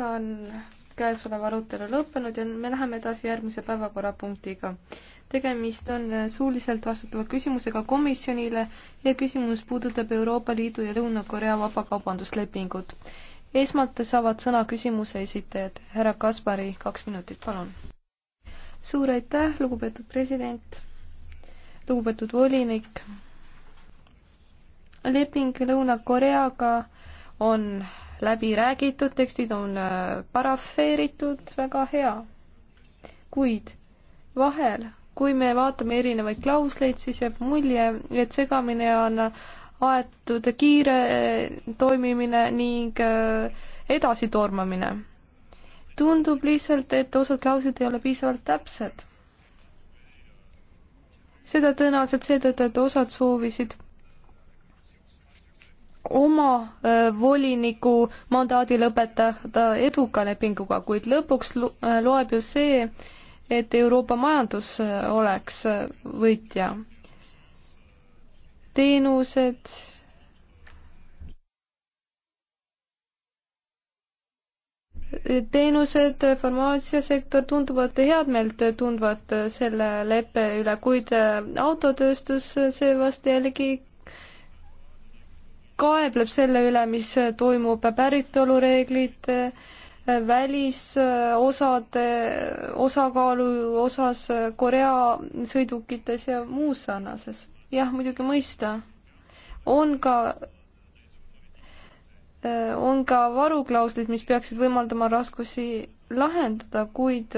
ka on käesolev arutelu lõppenud ja me läheme edasi järgmise päevakorrapunktiga. tegemist on suuliselt vastutava küsimusega komisjonile ja küsimus puudutab Euroopa Liidu ja Lõuna-Korea vabakaubanduslepingut. esmalt saavad sõna küsimuse esitajad. härra Kaspari, kaks minutit, palun. suur aitäh, lugupeetud president, lugupeetud volinik. leping Lõuna-Koreaga on läbi räägitud, tekstid on äh, parafeeritud, väga hea. kuid vahel, kui me vaatame erinevaid klausleid, siis jääb mulje, et segamine on aetud kiire äh, toimimine ning äh, edasitormamine. tundub lihtsalt, et osad klauslid ei ole piisavalt täpsed. seda tõenäoliselt seetõttu, et osad soovisid oma voliniku mandaadi lõpetada eduka lepinguga, kuid lõpuks loeb ju see, et Euroopa majandus oleks võitja. teenused. teenused, farmaatsiasektor tunduvad headmeelt, tunduvad selle leppe üle, kuid autotööstus seevastu jällegi kaebleb selle üle, mis toimub päritolureeglite, välisosade osakaalu osas Korea sõidukites ja muus sarnases. jah, muidugi mõista. on ka on ka varuklauslid, mis peaksid võimaldama raskusi lahendada, kuid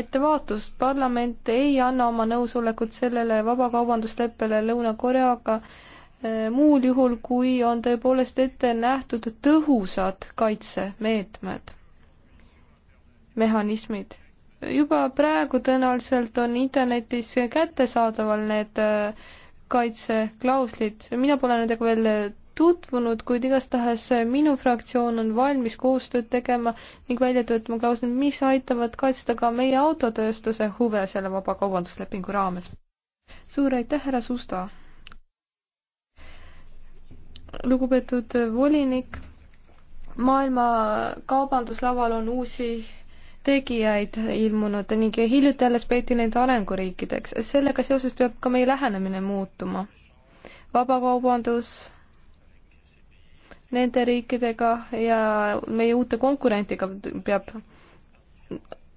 ettevaatust, parlament ei anna oma nõusolekut sellele vabakaubandusleppele Lõuna-Koreaga äh, Äh, muul juhul, kui on tõepoolest ette nähtud tõhusad kaitsemeetmed, mehhanismid. juba praegu tõenäoliselt on internetis kättesaadaval need äh, kaitseklauslid, mina pole nendega veel tutvunud, kuid igastahes minu fraktsioon on valmis koostööd tegema ning välja töötama klauslid, mis aitavad kaitsta ka meie autotööstuse huve selle vabakaubanduslepingu raames. suur aitäh, härra Susta! lugupeetud volinik, maailma kaubanduslaval on uusi tegijaid ilmunud ning hiljuti alles peeti neid arenguriikideks. sellega seoses peab ka meie lähenemine muutuma. vabakaubandus nende riikidega ja meie uute konkurentidega peab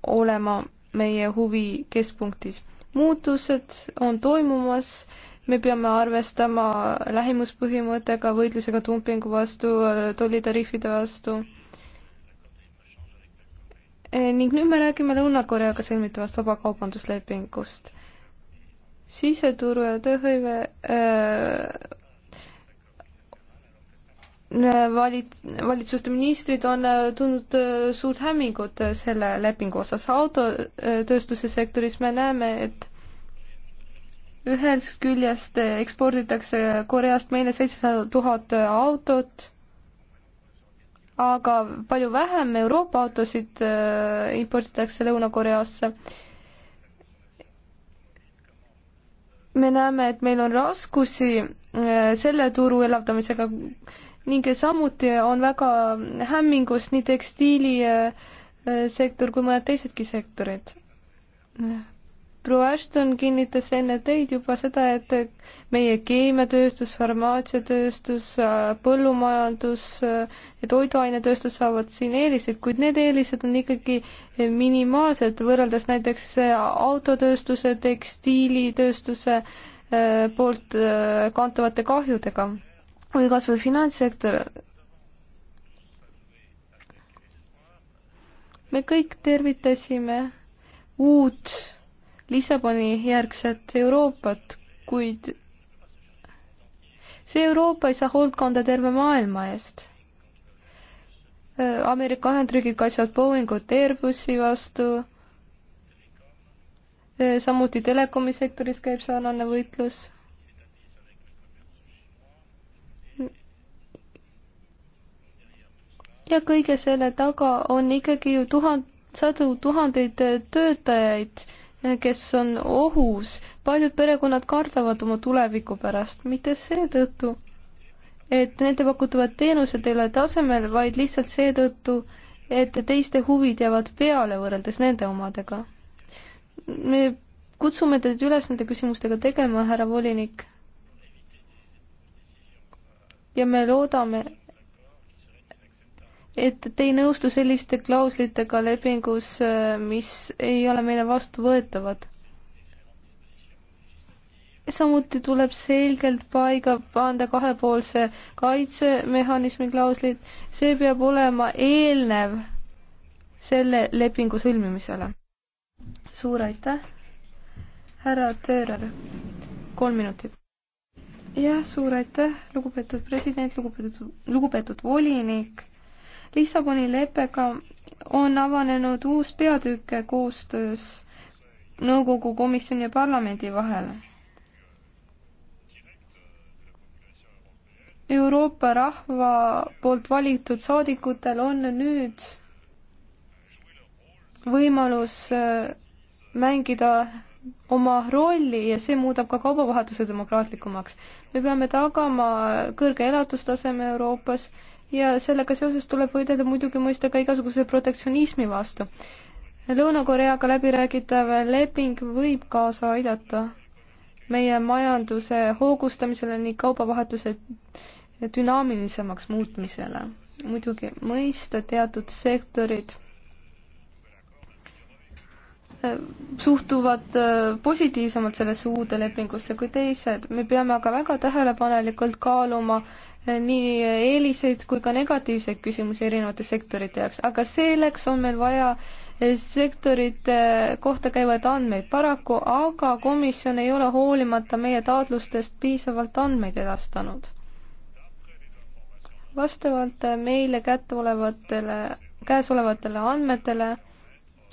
olema meie huvi keskpunktis. muutused on toimumas me peame arvestama lähimuspõhimõttega, võitlusega dumpingu vastu, tollitariifide vastu. E, ning nüüd me räägime Lõuna-Koreaga sõlmitavast vabakaubanduslepingust. siseturu ja tööhõive e, valit-, valitsuste ministrid on e, tundnud suurt hämmingut selle lepingu osas. autotööstuse sektoris me näeme, et ühest küljest eksporditakse Koreast meile seitsesada tuhat autot, aga palju vähem Euroopa autosid äh, imporditakse Lõuna-Koreasse. me näeme, et meil on raskusi äh, selle turu elavdamisega ning samuti on väga hämmingus nii tekstiilisektor äh, kui mõned teisedki sektorid proua Ashton kinnitas enne teid juba seda, et meie keemiatööstus, farmaatsiatööstus, põllumajandus ja toiduainetööstus saavad siin eeliseid, kuid need eelised on ikkagi minimaalsed võrreldes näiteks autotööstuse, tekstiilitööstuse äh, poolt äh, kantavate kahjudega või kas või finantssektor. me kõik tervitasime uut Lissaboni järgset Euroopat, kuid see Euroopa ei saa hoolt kanda terve maailma eest. Ameerika Ühendriigid kaitsevad Boeingut Airbusi vastu, samuti telekomi sektoris käib sarnane võitlus. ja kõige selle taga on ikkagi ju tuhand-, sadu tuhandeid töötajaid kes on ohus. paljud perekonnad kardavad oma tuleviku pärast, mitte seetõttu, et nende pakutavad teenused ei ole tasemel, vaid lihtsalt seetõttu, et teiste huvid jäävad peale võrreldes nende omadega. me kutsume teid üles nende küsimustega tegelema, härra volinik. ja me loodame, et te ei nõustu selliste klauslitega lepingus, mis ei ole meile vastuvõetavad. samuti tuleb selgelt paiga panda kahepoolse kaitsemehhanismi klauslid, see peab olema eelnev selle lepingu sõlmimisele. suur aitäh, härra Töörer, kolm minutit jah, suur aitäh, lugupeetud president, lugupeetud, lugupeetud volinik Lissaboni leppega on avanenud uus peatükk koostöös nõukogu komisjoni ja parlamendi vahel. Euroopa rahva poolt valitud saadikutel on nüüd võimalus äh, mängida oma rolli ja see muudab ka kaubavahetuse demokraatlikumaks. me peame tagama kõrge elatustaseme Euroopas ja sellega seoses tuleb võidelda muidugi mõista ka igasuguse protektsionismi vastu. Lõuna-Koreaga läbiräägitav leping võib kaasa aidata meie majanduse hoogustamisele ning kaubavahetuse dünaamilisemaks muutmisele. muidugi mõista teatud sektorid äh, suhtuvad äh, positiivsemalt sellesse uude lepingusse kui teised. me peame aga väga tähelepanelikult kaaluma nii eeliseid kui ka negatiivseid küsimusi erinevate sektorite jaoks, aga selleks on meil vaja eh, sektorite eh, kohta käivaid andmeid paraku, aga komisjon ei ole hoolimata meie taotlustest piisavalt andmeid edastanud. vastavalt eh, meile kätteolevatele, käesolevatele andmetele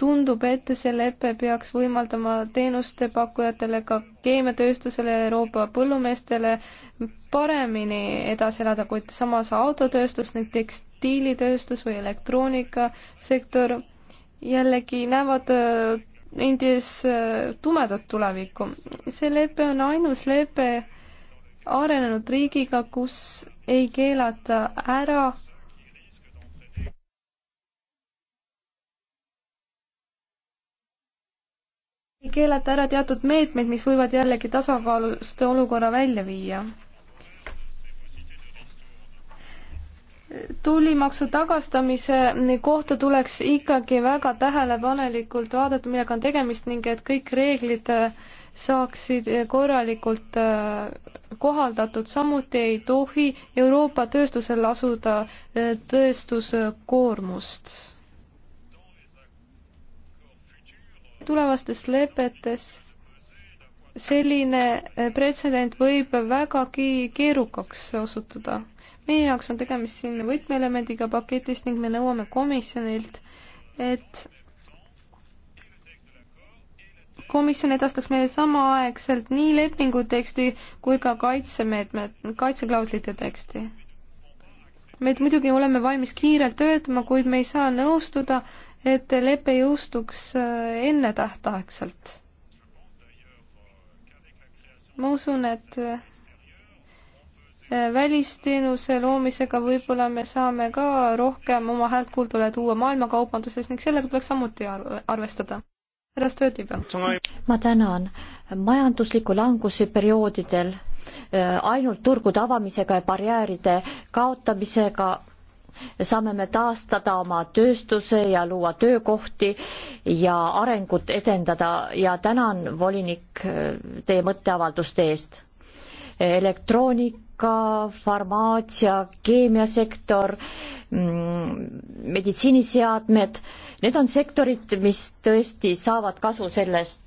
tundub, et see lepe peaks võimaldama teenuste pakkujatele, ka keemiatööstusele, Euroopa põllumeestele paremini edasi elada, kuid samas autotööstus, nüüd tekstiilitööstus või elektroonikasektor jällegi näevad äh, endis äh, tumedat tulevikku. see lepe on ainus lepe arenenud riigiga, kus ei keelata ära keelata ära teatud meetmed, mis võivad jällegi tasakaalust olukorra välja viia. tullimaksu tagastamise kohta tuleks ikkagi väga tähelepanelikult vaadata, millega on tegemist ning et kõik reeglid saaksid korralikult äh, kohaldatud, samuti ei tohi Euroopa tööstusel asuda äh, tööstuskoormust tulevastes lepetes selline eh, pretsedent võib vägagi keerukaks osutuda. meie jaoks on tegemist siin võtmeelemendiga paketist ning me nõuame komisjonilt, et komisjon edastaks meile samaaegselt nii lepingu teksti kui ka kaitsemeetmed, kaitseklauslite teksti. me muidugi oleme valmis kiirelt töötama, kuid me ei saa nõustuda, et lepe jõustuks äh, ennetähtaegselt. ma usun, et äh, välisteenuse loomisega võib-olla me saame ka rohkem oma häält kuuldule tuua maailmakaubanduses ning sellega tuleks samuti arvestada. härra Stöödipäev. ma tänan. majandusliku languse perioodidel äh, ainult turgude avamisega ja barjääride kaotamisega saame me taastada oma tööstuse ja luua töökohti ja arengut edendada ja tänan, volinik, teie mõtteavalduste eest. elektroonika, farmaatsia, keemiasektor, mm, meditsiiniseadmed, need on sektorid, mis tõesti saavad kasu sellest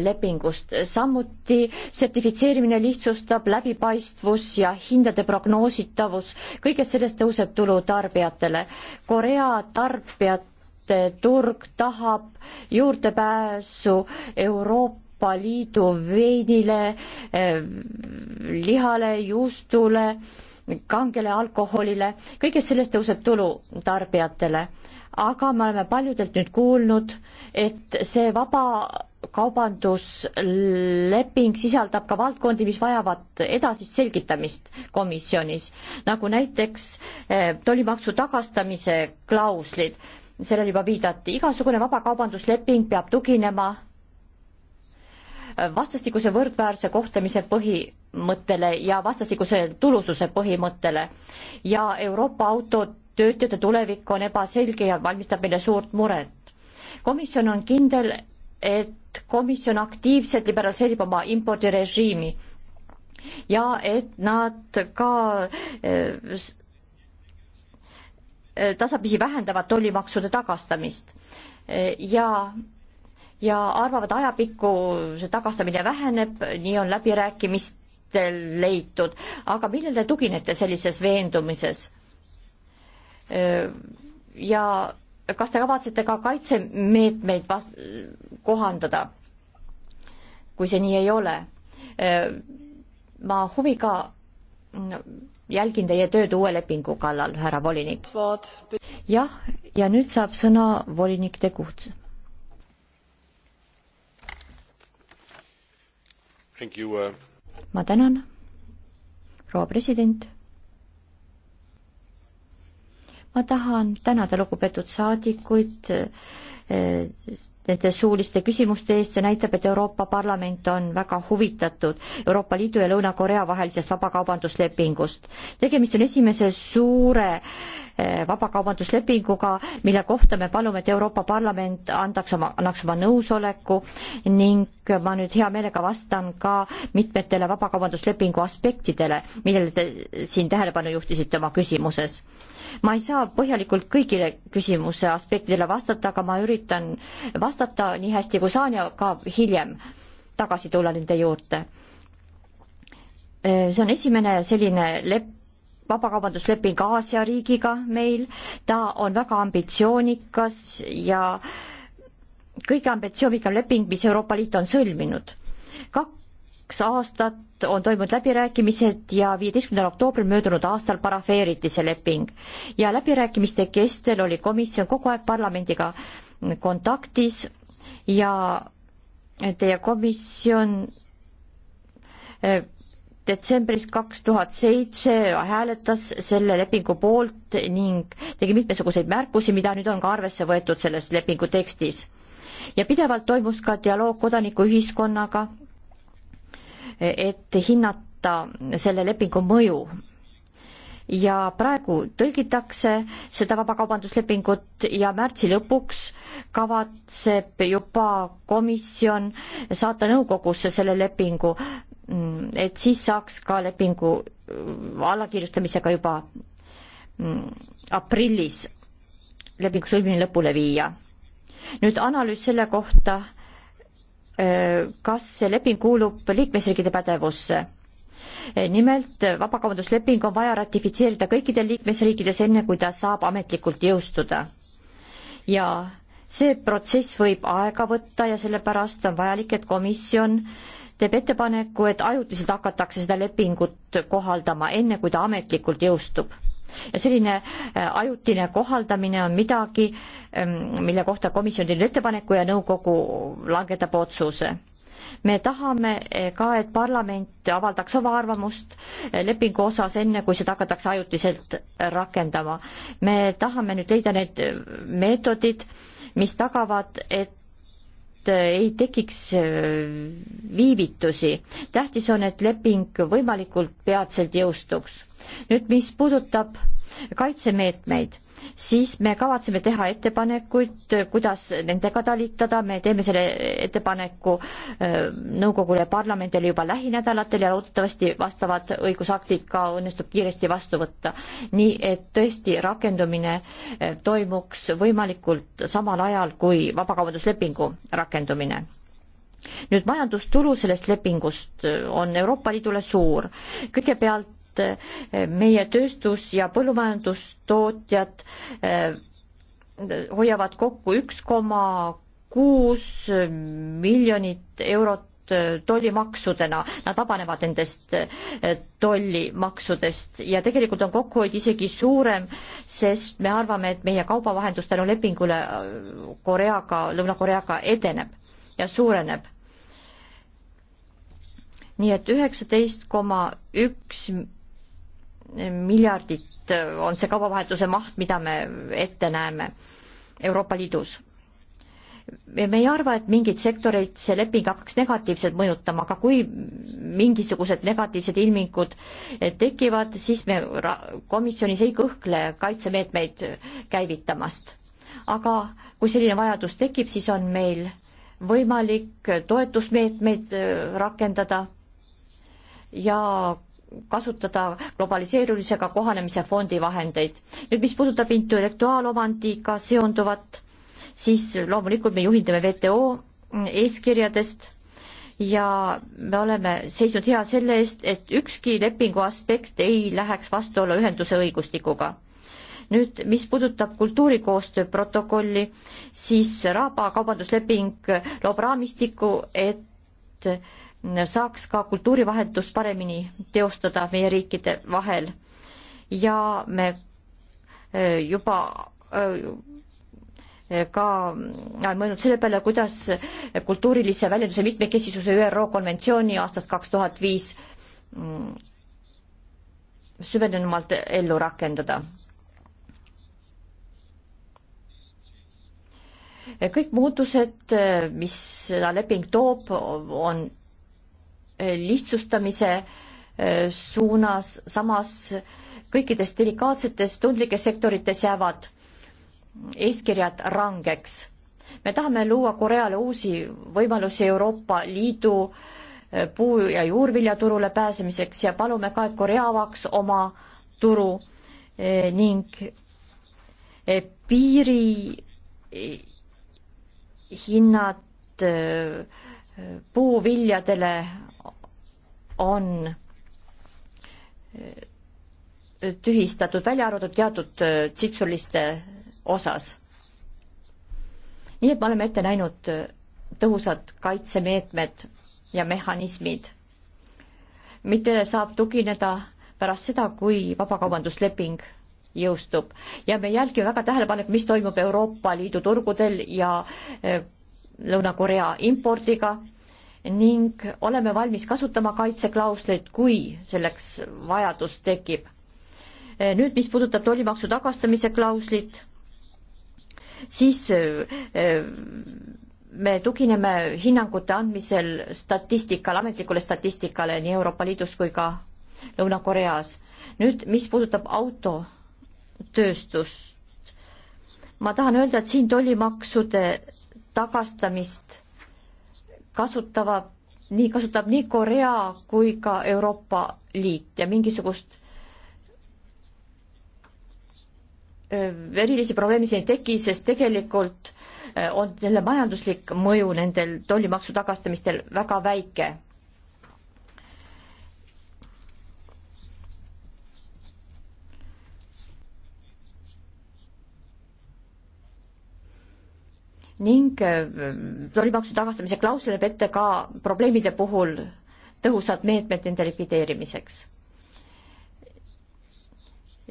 lepingust. samuti sertifitseerimine lihtsustab läbipaistvus ja hindade prognoositavus, kõigest sellest tõuseb tulu tarbijatele. Korea tarbijate turg tahab juurdepääsu Euroopa Euroopa Liidu veinile, eh, lihale, juustule, kangele alkoholile, kõigest sellest tõuseb tulu tarbijatele. aga me oleme paljudelt nüüd kuulnud, et see vaba kaubandusleping sisaldab ka valdkondi, mis vajavad edasist selgitamist komisjonis, nagu näiteks eh, tollimaksu tagastamise klauslid, sellele juba viidati, igasugune vabakaubandusleping peab tuginema eh, vastastikuse võrdväärse kohtlemise põhimõttele ja vastastikuse tulususe põhimõttele ja Euroopa autotöötajate tulevik on ebaselge ja valmistab meile suurt muret. komisjon on kindel, et komisjon aktiivselt liberaliseerib oma impordirežiimi ja et nad ka eh, eh, tasapisi vähendavad tollimaksude tagastamist eh, ja, ja arvavad ajapikku see tagastamine väheneb, nii on läbirääkimistel leitud, aga millele te tuginete sellises veendumises? ja kas te kavatsete ka kaitsemeetmeid vast-, kohandada, kui see nii ei ole. Äh, ma huviga jälgin teie tööd uue lepingu kallal, härra volinik. jah, ja nüüd saab sõna volinik de Gucht. Uh, ma tänan, proua president. ma tahan tänada lugupeetud saadikuid nende suuliste küsimuste eest, see näitab, et Euroopa Parlament on väga huvitatud Euroopa Liidu ja Lõuna-Korea vahelisest vabakaubanduslepingust. tegemist on esimese suure eh, vabakaubanduslepinguga, mille kohta me palume, et Euroopa Parlament andaks oma, annaks oma nõusoleku ning ma nüüd hea meelega vastan ka mitmetele vabakaubanduslepingu aspektidele, millele te siin tähelepanu juhtisite oma küsimuses ma ei saa põhjalikult kõigile küsimuse aspektidele vastata, aga ma üritan vastata nii hästi kui saan ja ka hiljem tagasi tulla nende juurde. Äh, see on esimene selline lepp, vabakaubandusleping Aasia riigiga meil, ta on väga ambitsioonikas ja kõige ambitsioonikam leping, mis Euroopa Liit on sõlminud. kaks kaks aastat on toimunud läbirääkimised ja viieteistkümnendal oktoobril möödunud aastal parafeeriti see leping. ja läbirääkimiste kestel oli komisjon kogu aeg parlamendiga kontaktis ja teie komisjon eh, detsembris kaks tuhat seitse hääletas selle lepingu poolt ning tegi mitmesuguseid märkusi, mida nüüd on ka arvesse võetud selles lepingu tekstis. ja pidevalt toimus ka dialoog kodanikuühiskonnaga et hinnata selle lepingu mõju. ja praegu tõlgitakse seda vabakaubanduslepingut ja märtsi lõpuks kavatseb juba komisjon saata nõukogusse selle lepingu, et siis saaks ka lepingu allakirjutamisega juba aprillis lepingu sõlmimine lõpule viia. nüüd analüüs selle kohta kas see leping kuulub liikmesriikide pädevusse. nimelt vabakaubandusleping on vaja ratifitseerida kõikides liikmesriikides, enne kui ta saab ametlikult jõustuda. ja see protsess võib aega võtta ja sellepärast on vajalik, et komisjon teeb ettepaneku, et ajutiselt hakatakse seda lepingut kohaldama, enne kui ta ametlikult jõustub ja selline äh, ajutine kohaldamine on midagi, ähm, mille kohta komisjon teeb ettepaneku ja nõukogu langetab otsuse me tahame äh, ka, et parlament avaldaks oma arvamust äh, lepingu osas, enne kui seda hakatakse ajutiselt rakendama. me tahame nüüd leida need meetodid, mis tagavad, et ei tekiks äh, viivitusi. tähtis on, et leping võimalikult peatselt jõustuks. nüüd, mis puudutab kaitsemeetmeid, siis me kavatseme teha ettepanekuid, kuidas nendega talitada, me teeme selle ettepaneku äh, nõukogule ja parlamendile juba lähinädalatel ja loodetavasti vastavad õigusaktid ka õnnestub kiiresti vastu võtta. nii et tõesti rakendumine äh, toimuks võimalikult samal ajal kui vabakaubanduslepingu rakendumine nüüd majandustulu sellest lepingust äh, on Euroopa Liidule suur. kõigepealt et eh, meie tööstus ja põllumajandustootjad eh, hoiavad kokku üks koma kuus miljonit eurot eh, tollimaksudena, nad vabanevad nendest tollimaksudest ja tegelikult on kokkuhoid isegi suurem, sest me arvame, et meie kaubavahendus tänu lepingule Koreaga, Lõuna-Koreaga edeneb ja suureneb. nii et üheksateist koma üks miljardit on see kaubavahetuse maht, mida me ette näeme Euroopa Liidus. me ei arva, et mingeid sektoreid see leping hakkaks negatiivselt mõjutama, aga kui mingisugused negatiivsed ilmingud tekivad, siis me komisjonis ei kõhkle kaitsemeetmeid käivitamast. aga kui selline vajadus tekib, siis on meil võimalik toetusmeetmeid äh, rakendada ja kasutada globaliseerumisega kohanemise fondi vahendeid. nüüd, mis puudutab intellektuaalomandiga seonduvat, siis loomulikult me juhindume WTO eeskirjadest ja me oleme seisnud hea selle eest, et ükski lepingu aspekt ei läheks vastuollu ühenduse õigustikuga. nüüd, mis puudutab kultuurikoostöö protokolli, siis Raaba kaubandusleping loob raamistiku, et saaks ka kultuurivahetust paremini teostada meie riikide vahel. ja me äh, juba äh, ka mõelnud selle peale, kuidas kultuurilise väljenduse mitmekesisuse ÜRO konventsiooni aastast kaks tuhat viis mm, süvenenumalt ellu rakendada. kõik muutused, äh, mis leping toob, on lihtsustamise äh, suunas, samas kõikides delikaatsetes tundlikes sektorites jäävad eeskirjad rangeks. me tahame luua Koreale uusi võimalusi Euroopa Liidu äh, puu- ja juurviljaturule pääsemiseks ja palume ka, et Korea avaks oma turu äh, ning piiri hinnad puuviljadele on eh, tühistatud, välja arvatud teatud eh, tsitsuliste osas. nii et me oleme ette näinud eh, tõhusad kaitsemeetmed ja mehhanismid, millele saab tugineda pärast seda, kui vabakaubandusleping jõustub ja me jälgime väga tähelepanelikult, mis toimub Euroopa Liidu turgudel ja Lõuna-Korea impordiga ning oleme valmis kasutama kaitseklausleid, kui selleks vajadus tekib. nüüd, mis puudutab tollimaksu tagastamise klauslit, siis eh, me tugineme hinnangute andmisel statistikale, ametlikule statistikale nii Euroopa Liidus kui ka Lõuna-Koreas. nüüd, mis puudutab autotööstust, ma tahan öelda, et siin tollimaksude tagastamist kasutavad, nii kasutab nii Korea kui ka Euroopa Liit ja mingisugust erilisi probleeme siin ei teki, sest tegelikult on selle majanduslik mõju nendel tollimaksu tagastamistel väga väike ning tollimaksu äh, tagastamise klausel näeb ette ka probleemide puhul tõhusad meetmed nende likvideerimiseks.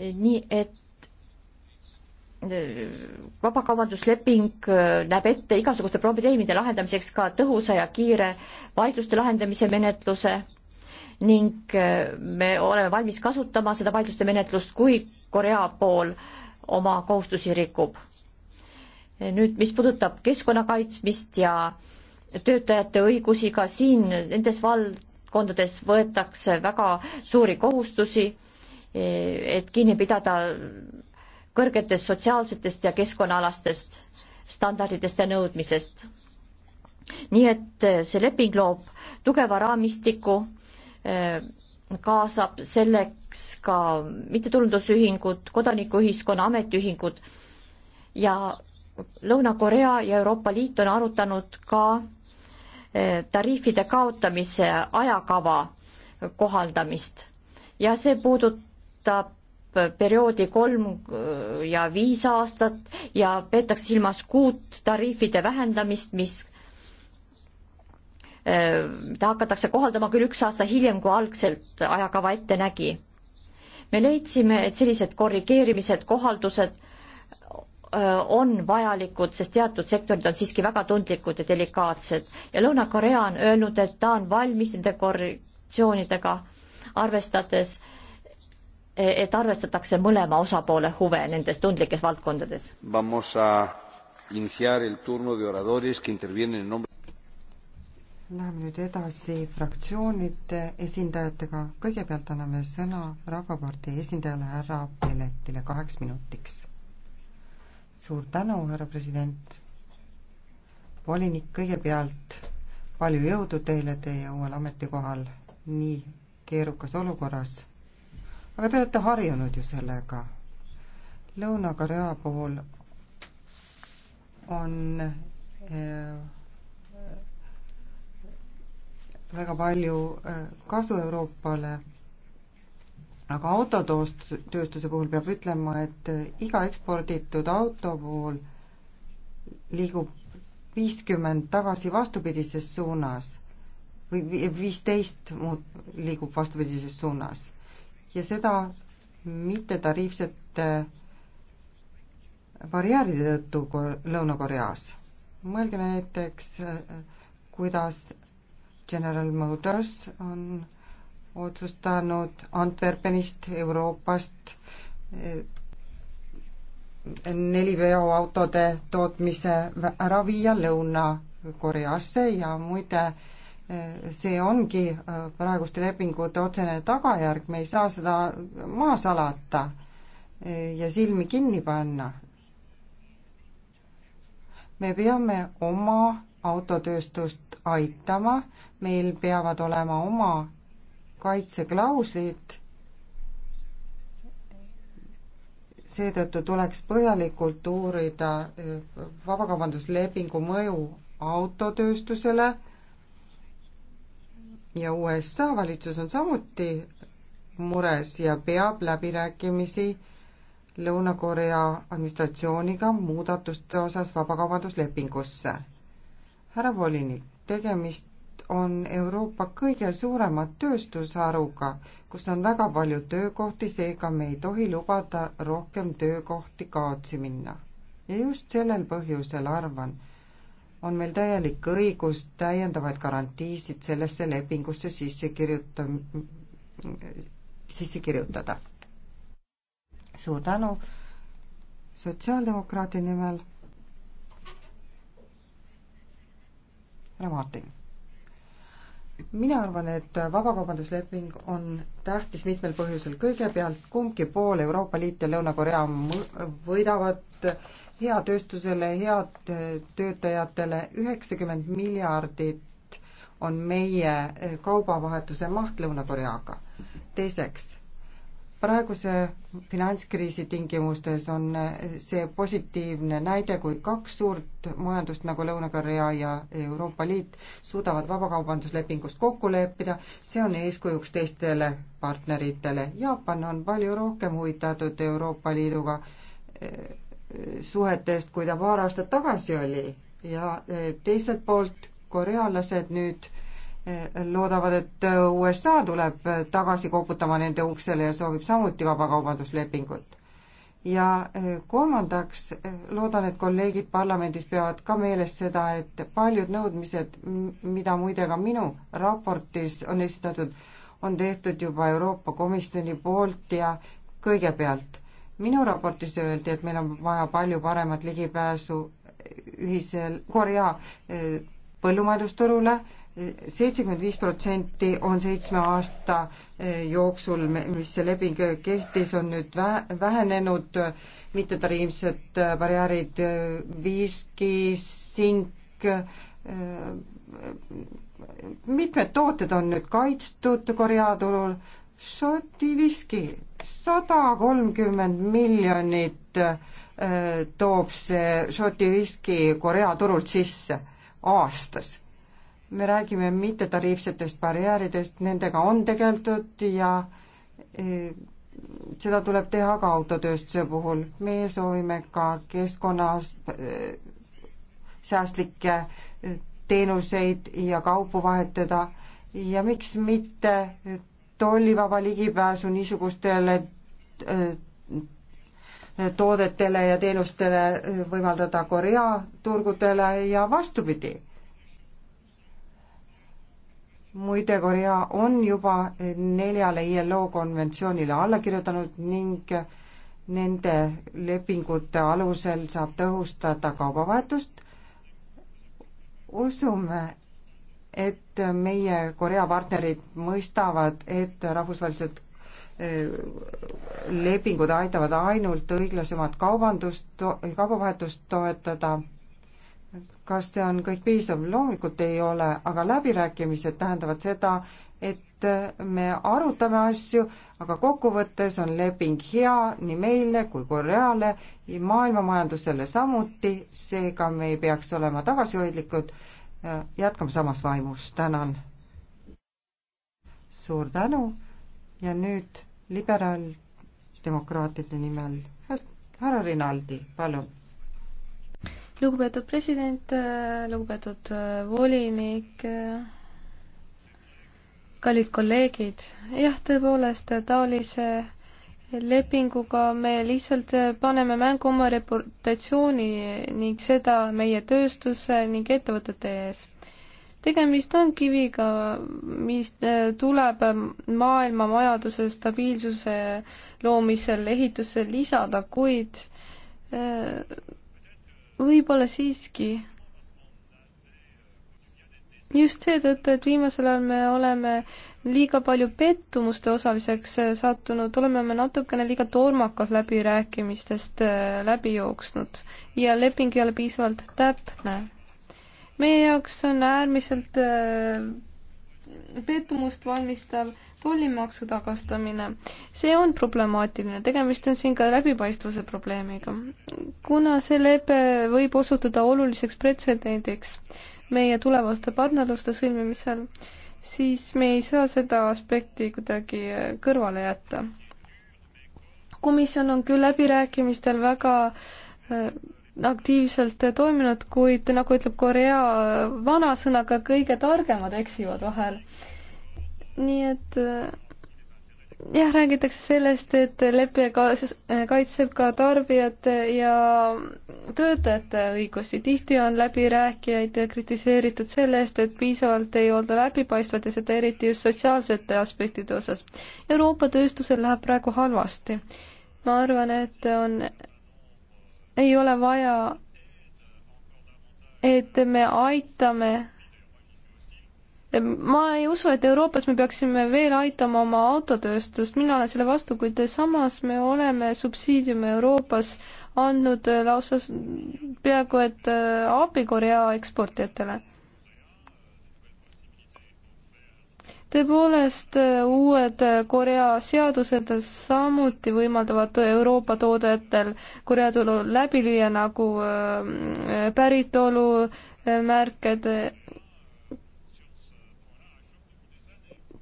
nii et äh, vabakaubandusleping äh, näeb ette igasuguste probleemide lahendamiseks ka tõhusa ja kiire vaidluste lahendamise menetluse ning me oleme valmis kasutama seda vaidluste menetlust, kui Korea pool oma kohustusi rikub nüüd, mis puudutab keskkonna kaitsmist ja töötajate õigusi, ka siin nendes valdkondades võetakse väga suuri kohustusi, et kinni pidada kõrgetest sotsiaalsetest ja keskkonnaalastest standarditest ja nõudmisest. nii et see leping loob tugeva raamistiku, kaasab selleks ka mittetulundusühingud, kodanikuühiskonna ametiühingud ja Lõuna-Korea ja Euroopa Liit on arutanud ka eh, tariifide kaotamise ajakava kohaldamist ja see puudutab eh, perioodi kolm eh, ja viis aastat ja peetakse silmas kuut tariifide vähendamist, mis ta hakatakse kohaldama küll üks aasta hiljem, kui algselt ajakava ette nägi. me leidsime, et sellised korrigeerimised, kohaldused Äh, on vajalikud, sest teatud sektorid on siiski väga tundlikud ja delikaatsed ja Lõuna-Korea on öelnud, et ta on valmis nende korrektsioonidega arvestades, e, et arvestatakse mõlema osapoole huve nendes tundlikes valdkondades. Läheme nüüd edasi fraktsioonide esindajatega. kõigepealt anname sõna Rahvapartei esindajale härra Pelletile kaheks minutiks suur tänu, härra president. volinik, kõigepealt palju jõudu teile teie uuel ametikohal nii keerukas olukorras. aga te olete harjunud ju sellega. Lõuna-Korea puhul on eh, väga palju eh, kasu Euroopale aga autotööstuse puhul peab ütlema, et iga eksporditud auto puhul liigub viiskümmend tagasi vastupidises suunas või viisteist muud liigub vastupidises suunas ja seda mittetariifsete barjääride tõttu Lõuna-Koreas. mõelge näiteks, kuidas General Motors on äh, otsustanud Antwerpenist, Euroopast eh, neliveoautode tootmise ära viia Lõuna-Koreasse ja muide, eh, see ongi eh, praeguste lepingute otsene tagajärg, me ei saa seda maha salata ja silmi kinni panna. me peame oma autotööstust aitama, meil peavad olema oma kaitseklauslid. seetõttu tuleks põhjalikult uurida eh, vabakaubanduslepingu mõju autotööstusele ja USA valitsus on samuti mures ja peab läbirääkimisi Lõuna-Korea administratsiooniga muudatuste osas vabakaubanduslepingusse. härra volinik, tegemist on Euroopa kõige suurema tööstusharuga, kus on väga palju töökohti, seega me ei tohi lubada rohkem töökohti kaotsi minna. ja just sellel põhjusel arvan, on meil täielik õigus täiendavaid garantiisid sellesse lepingusse sisse kirjuta, sisse kirjutada. suur tänu sotsiaaldemokraadi nimel härra Martin mina arvan, et vabakaubandusleping on tähtis mitmel põhjusel. kõigepealt kumbki pool, Euroopa Liit ja Lõuna-Korea, võidavad hea tööstusele, head töötajatele, üheksakümmend miljardit on meie kaubavahetuse maht Lõuna-Koreaga. teiseks, praeguse finantskriisi tingimustes on see positiivne näide, kui kaks suurt majandust nagu Lõuna-Korea ja Euroopa Liit suudavad vabakaubanduslepingust kokku leppida, see on eeskujuks teistele partneritele. Jaapan on palju rohkem huvitatud Euroopa Liiduga eh, suhetest, kui ta paar aastat tagasi oli ja eh, teiselt poolt korealased nüüd loodavad, et USA tuleb tagasi koputama nende uksele ja soovib samuti vabakaubanduslepingut. ja eh, kolmandaks eh, loodan, et kolleegid parlamendis peavad ka meeles seda, et paljud nõudmised, mida muide ka minu raportis on esitatud, on tehtud juba Euroopa Komisjoni poolt ja kõigepealt minu raportis öeldi, et meil on vaja palju paremat ligipääsu ühisel Korea eh, põllumajandusturule seitsekümmend viis protsenti on seitsme aasta eh, jooksul, mis see leping kehtis, on nüüd vä-, vähenenud, mittetariifsed eh, barjäärid, eh, viiski, sink, mitmed tooted on nüüd kaitstud Korea turul, Šoti viski sada kolmkümmend miljonit toob see Šoti viski Korea turult sisse aastas me räägime mittetariifsetest barjääridest, nendega on tegeldud ja e, seda tuleb teha ka autotööstuse puhul. meie soovime ka keskkonnas e, säästlikke e, teenuseid ja kaupu vahetada ja miks mitte tollivaba ligipääsu niisugustele toodetele ja teenustele võimaldada Korea turgudele ja vastupidi muide, Korea on juba neljale ILO konventsioonile alla kirjutanud ning nende lepingute alusel saab tõhustada kaubavahetust. usume, et meie Korea partnerid mõistavad, et rahvusvahelised eh, lepingud aitavad ainult õiglasemat kaubandust, kaubavahetust toetada kas see on kõik piisav, loomulikult ei ole, aga läbirääkimised tähendavad seda, et me arutame asju, aga kokkuvõttes on leping hea nii meile kui Koreale, maailmamajandusele samuti, seega me ei peaks olema tagasihoidlikud. jätkame samas vaimus, tänan. suur tänu ja nüüd liberaaldemokraatide nimel härra Rinaldi, palun lugupeetud president, äh, lugupeetud äh, volinik, äh, kallid kolleegid, jah, tõepoolest taolise lepinguga me lihtsalt paneme mängu oma reputatsiooni ning seda meie tööstuse ning ettevõtete ees. tegemist on kiviga, mis tuleb maailma majanduse stabiilsuse loomisel, ehitusel lisada, kuid võib-olla siiski just seetõttu, et viimasel ajal me oleme liiga palju pettumuste osaliseks sattunud, oleme me natukene liiga toormakad läbirääkimistest äh, läbi jooksnud ja leping ei ole piisavalt täpne. meie jaoks on äärmiselt äh, pettumust valmistav äh, tollimaksu tagastamine, see on problemaatiline, tegemist on siin ka läbipaistvuse probleemiga. kuna see lepe võib osutuda oluliseks pretsedendiks meie tulevaste partnerluste sõlmimisel, siis me ei saa seda aspekti kuidagi kõrvale jätta. komisjon on küll läbirääkimistel väga äh, aktiivselt toiminud, kuid nagu ütleb Korea vanasõnaga, kõige targemad eksivad vahel nii et äh, jah, räägitakse sellest, et lepe äh, kaitseb ka tarbijate ja töötajate õigusi. tihti on läbirääkijaid kritiseeritud selle eest, et piisavalt ei olda läbipaistvad ja seda eriti just sotsiaalsete aspektide osas. Euroopa tööstusel läheb praegu halvasti. ma arvan, et on, ei ole vaja, et me aitame ma ei usu, et Euroopas me peaksime veel aitama oma autotööstust, mina olen selle vastu, kuid samas me oleme subsiidiume Euroopas andnud äh, lausa peaaegu et äh, abikorea eksportijatele. tõepoolest, äh, uued Korea seadused samuti võimaldavad Euroopa toodetel Korea tulu läbi lüüa nagu päritolumärked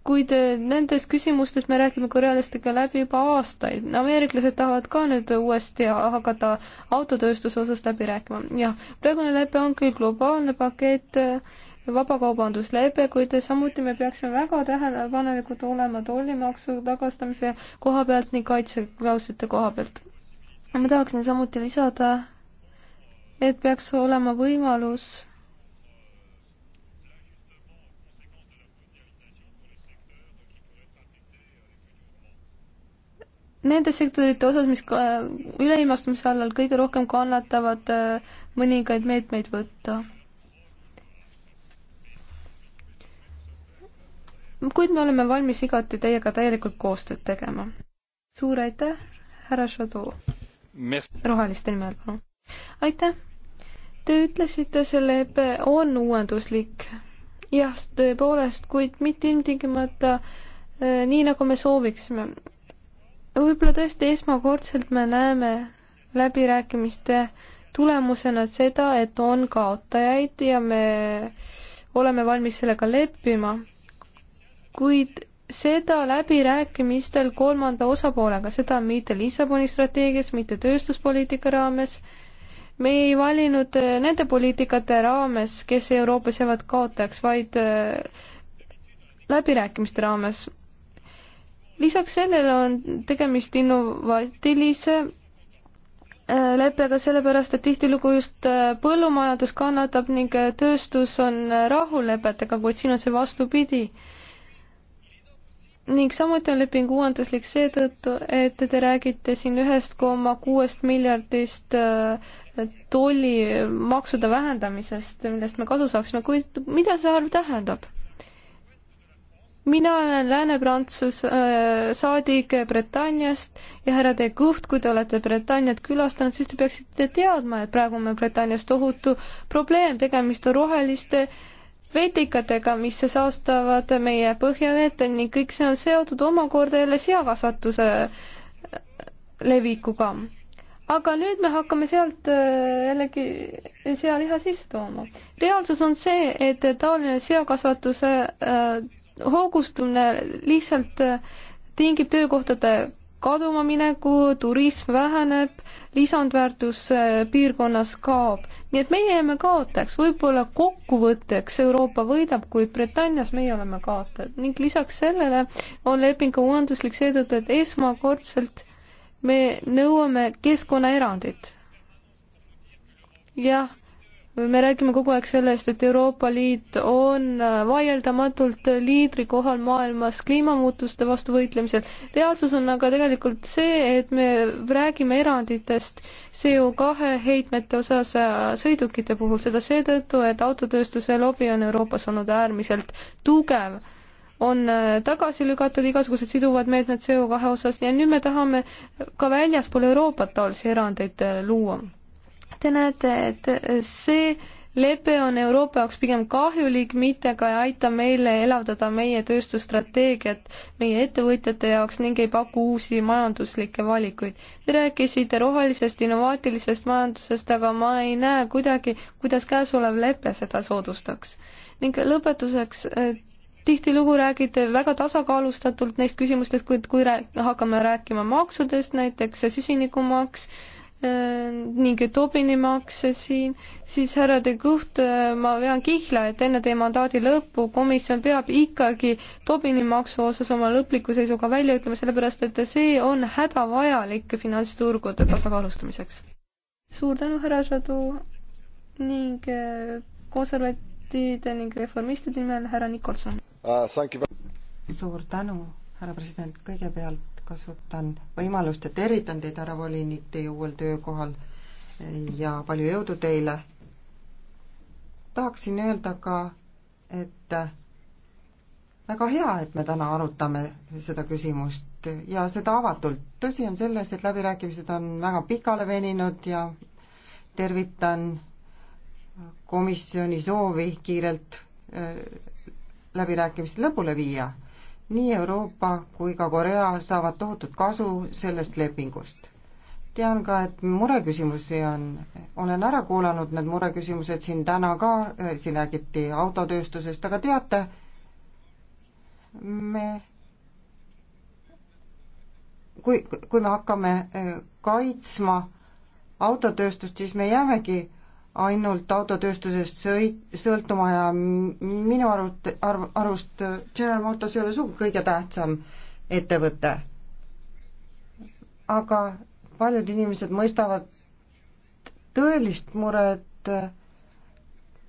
kuid eh, nendes küsimustes me räägime korealastega läbi juba aastaid. ameeriklased tahavad ka nüüd uuesti hakata autotööstuse osas läbi rääkima. jah, praegune lepe on küll globaalne pakett, eh, vabakaubanduslepe, kuid samuti me peaksime väga tähelepanelikud olema tollimaksu tagastamise koha pealt ning kaitseklauslite koha pealt. ma tahaksin samuti lisada, et peaks olema võimalus nende sektorite osas, mis ka üleilmastumise allal kõige rohkem kannatavad, äh, mõningaid meetmeid võtta. kuid me oleme valmis igati teiega täielikult koostööd tegema. suur aitäh, härra Šadu. roheliste nimel, palun. aitäh. Te ütlesite, see lepe on uuenduslik. jah, tõepoolest, kuid mitte ilmtingimata äh, nii, nagu me sooviksime võib-olla tõesti esmakordselt me näeme läbirääkimiste tulemusena seda, et on kaotajaid ja me oleme valmis sellega leppima, kuid seda läbirääkimistel kolmanda osapoolega, seda mitte Lissaboni strateegias, mitte tööstuspoliitika raames. me ei valinud nende poliitikate raames, kes Euroopas jäävad kaotajaks, vaid äh, läbirääkimiste raames lisaks sellele on tegemist innovaatilise äh, leppega, sellepärast et tihtilugu just äh, põllumajandus kannatab ning äh, tööstus on rahul lepetega, kuid siin on see vastupidi. ning samuti on leping uuenduslik seetõttu, et te räägite siin ühest koma kuuest miljardist tollimaksude vähendamisest, millest me kasu saaksime, kuid mida see arv tähendab? mina olen Lääne-Prantsuse äh, saadik Britanniast ja härra De Gucht, kui te olete Britanniat külastanud, siis te peaksite teadma, et praegu on meil Britannias tohutu probleem, tegemist on roheliste vetikatega, mis saastavad meie põhjavett ning kõik see on seotud omakorda jälle seakasvatuse äh, levikuga. aga nüüd me hakkame sealt äh, jällegi sealiha sisse tooma. reaalsus on see, et taoline seakasvatuse äh, hoogustumine lihtsalt äh, tingib töökohtade kaduma mineku, turism väheneb, lisandväärtus äh, piirkonnas kaob. nii et meie jääme kaotajaks, võib-olla kokkuvõtteks Euroopa võidab, kuid Britannias meie oleme kaotajad ning lisaks sellele on leping ka uuenduslik seetõttu, et esmakordselt me nõuame keskkonnaerandit. jah, me räägime kogu aeg sellest, et Euroopa Liit on äh, vaieldamatult liidrikohal maailmas kliimamuutuste vastu võitlemisel. reaalsus on aga tegelikult see, et me räägime eranditest CO2 heitmete osas äh, sõidukite puhul, seda seetõttu, et autotööstuse lobi on Euroopas olnud äärmiselt tugev on äh, tagasi lükatud igasugused siduvad meetmed CO2 osas ja nüüd me tahame ka väljaspool Euroopat taolisi erandeid luua Te näete, et see lepe on Euroopa jaoks pigem kahjulik, mitte aga ei aita meile elavdada meie tööstusstrateegiat meie ettevõtjate jaoks ning ei paku uusi majanduslikke valikuid. Te rääkisite rohelisest innovaatilisest majandusest, aga ma ei näe kuidagi, kuidas käesolev lepe seda soodustaks. ning lõpetuseks eh, tihtilugu räägite väga tasakaalustatult neist küsimustest, kuid kui rää-, hakkame rääkima maksudest, näiteks süsinikumaks, Äh, ning Tobini makse siin, siis härra de Gucht, äh, ma vean kihla, et enne teie mandaadi lõppu komisjon peab ikkagi Tobini maksu osas oma lõpliku seisuga välja ütlema, sellepärast et see on hädavajalik finantsturgude tasakaalustamiseks. suur tänu, härra Šadu ning äh, konservatiivide ning reformistide nimel härra Nikolson uh,. suur tänu, härra president, kõigepealt kasutan võimalust ja tervitan teid, härra volinik, teie uuel töökohal ja palju jõudu teile. tahaksin öelda ka, et väga hea, et me täna arutame seda küsimust ja seda avatult. tõsi on selles, et läbirääkimised on väga pikale veninud ja tervitan komisjoni soovi kiirelt äh, läbirääkimised lõpule viia nii Euroopa kui ka Korea saavad tohutut kasu sellest lepingust. tean ka, et mureküsimusi on, olen ära kuulanud need mureküsimused siin täna ka, siin räägiti autotööstusest, aga teate, me kui, kui me hakkame eh, kaitsma autotööstust, siis me jäämegi ainult autotööstusest sõltuma ja minu arvut-, arv-, arust General Motors ei ole sugugi kõige tähtsam ettevõte. aga paljud inimesed mõistavad tõelist muret,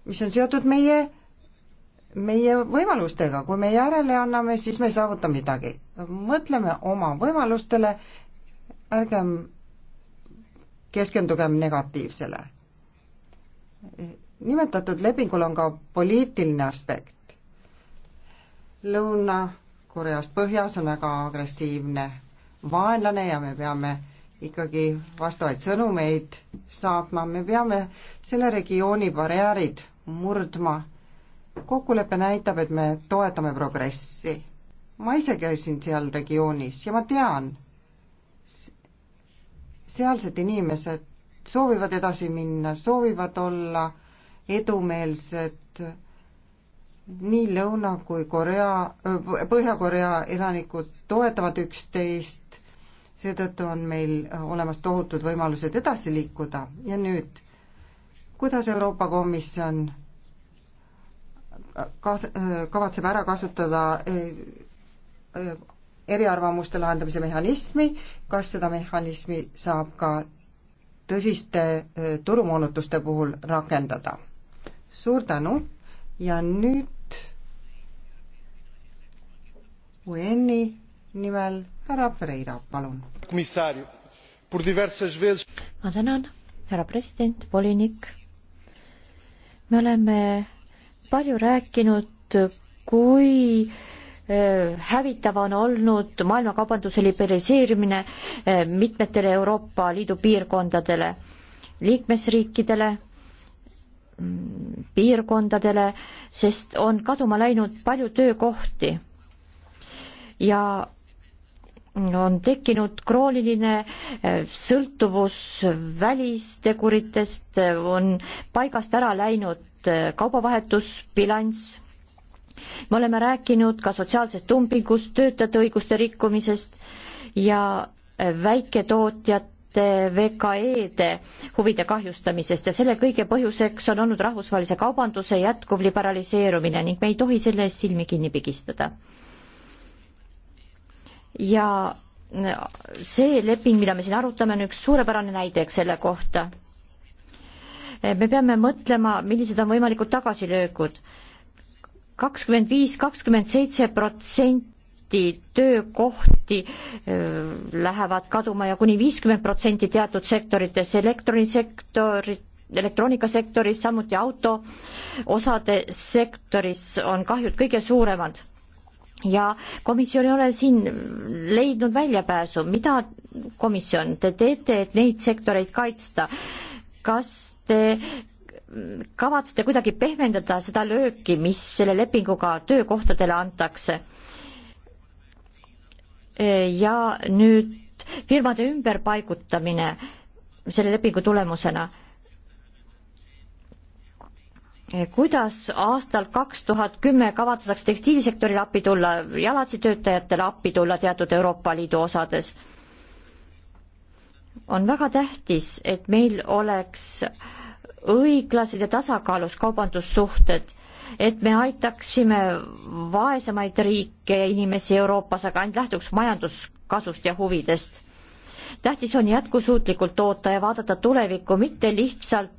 mis on seotud meie, meie võimalustega, kui me järele anname, siis me ei saavuta midagi. mõtleme oma võimalustele, ärgem keskendugem negatiivsele nimetatud lepingul on ka poliitiline aspekt. Lõuna-Koreast põhjas on väga agressiivne vaenlane ja me peame ikkagi vastavaid sõnumeid saatma, me peame selle regiooni barjäärid murdma. kokkulepe näitab, et me toetame progressi. ma ise käisin seal regioonis ja ma tean, sealsed inimesed soovivad edasi minna, soovivad olla edumeelsed nii Lõuna kui Korea, Põhja-Korea elanikud toetavad üksteist, seetõttu on meil olemas tohutud võimalused edasi liikuda ja nüüd, kuidas Euroopa Komisjon kas-, kavatseb ära kasutada äh, äh, eriarvamuste lahendamise mehhanismi, kas seda mehhanismi saab ka tõsiste turumoonutuste puhul rakendada. suur tänu ja nüüd UN-i nimel härra Pereira, palun. ma tänan, härra president, volinik. me oleme palju rääkinud, kui äh, hävitav on olnud maailmakaubanduse liberaliseerimine mitmetele Euroopa Liidu piirkondadele, liikmesriikidele, mm, piirkondadele, sest on kaduma läinud palju töökohti. ja on tekkinud krooniline sõltuvus välisteguritest, on paigast ära läinud kaubavahetusbilanss me oleme rääkinud ka sotsiaalsest dumpingust, töötajate õiguste rikkumisest ja eh, väiketootjate VKE-de huvide kahjustamisest ja selle kõige põhjuseks on olnud rahvusvahelise kaubanduse jätkuv liberaliseerumine ning me ei tohi selle eest silmi kinni pigistada. ja eh, see leping, mida me siin arutame, on üks suurepärane näide selle kohta. Eh, me peame mõtlema, millised on võimalikud tagasilöögud kakskümmend viis, kakskümmend seitse protsenti töökohti lähevad kaduma ja kuni viiskümmend protsenti teatud sektorites, elektronisektorit, elektroonikasektoris, samuti autoosade sektoris on kahjud kõige suuremad ja komisjon ei ole siin leidnud väljapääsu, mida komisjon, te teete, et neid sektoreid kaitsta? kas te kavatsete kuidagi pehmendada seda lööki, mis selle lepinguga töökohtadele antakse? ja nüüd firmade ümberpaigutamine selle lepingu tulemusena. kuidas aastal kaks tuhat kümme kavatsetakse tekstiilisektorile appi tulla, jalatsitöötajatele appi tulla teatud Euroopa Liidu osades? on väga tähtis, et meil oleks äh, õiglased ja tasakaalus kaubandussuhted, et me aitaksime vaesemaid riike ja inimesi Euroopas, aga ainult lähtuks majanduskasust ja huvidest. tähtis on jätkusuutlikult toota ja vaadata tulevikku, mitte lihtsalt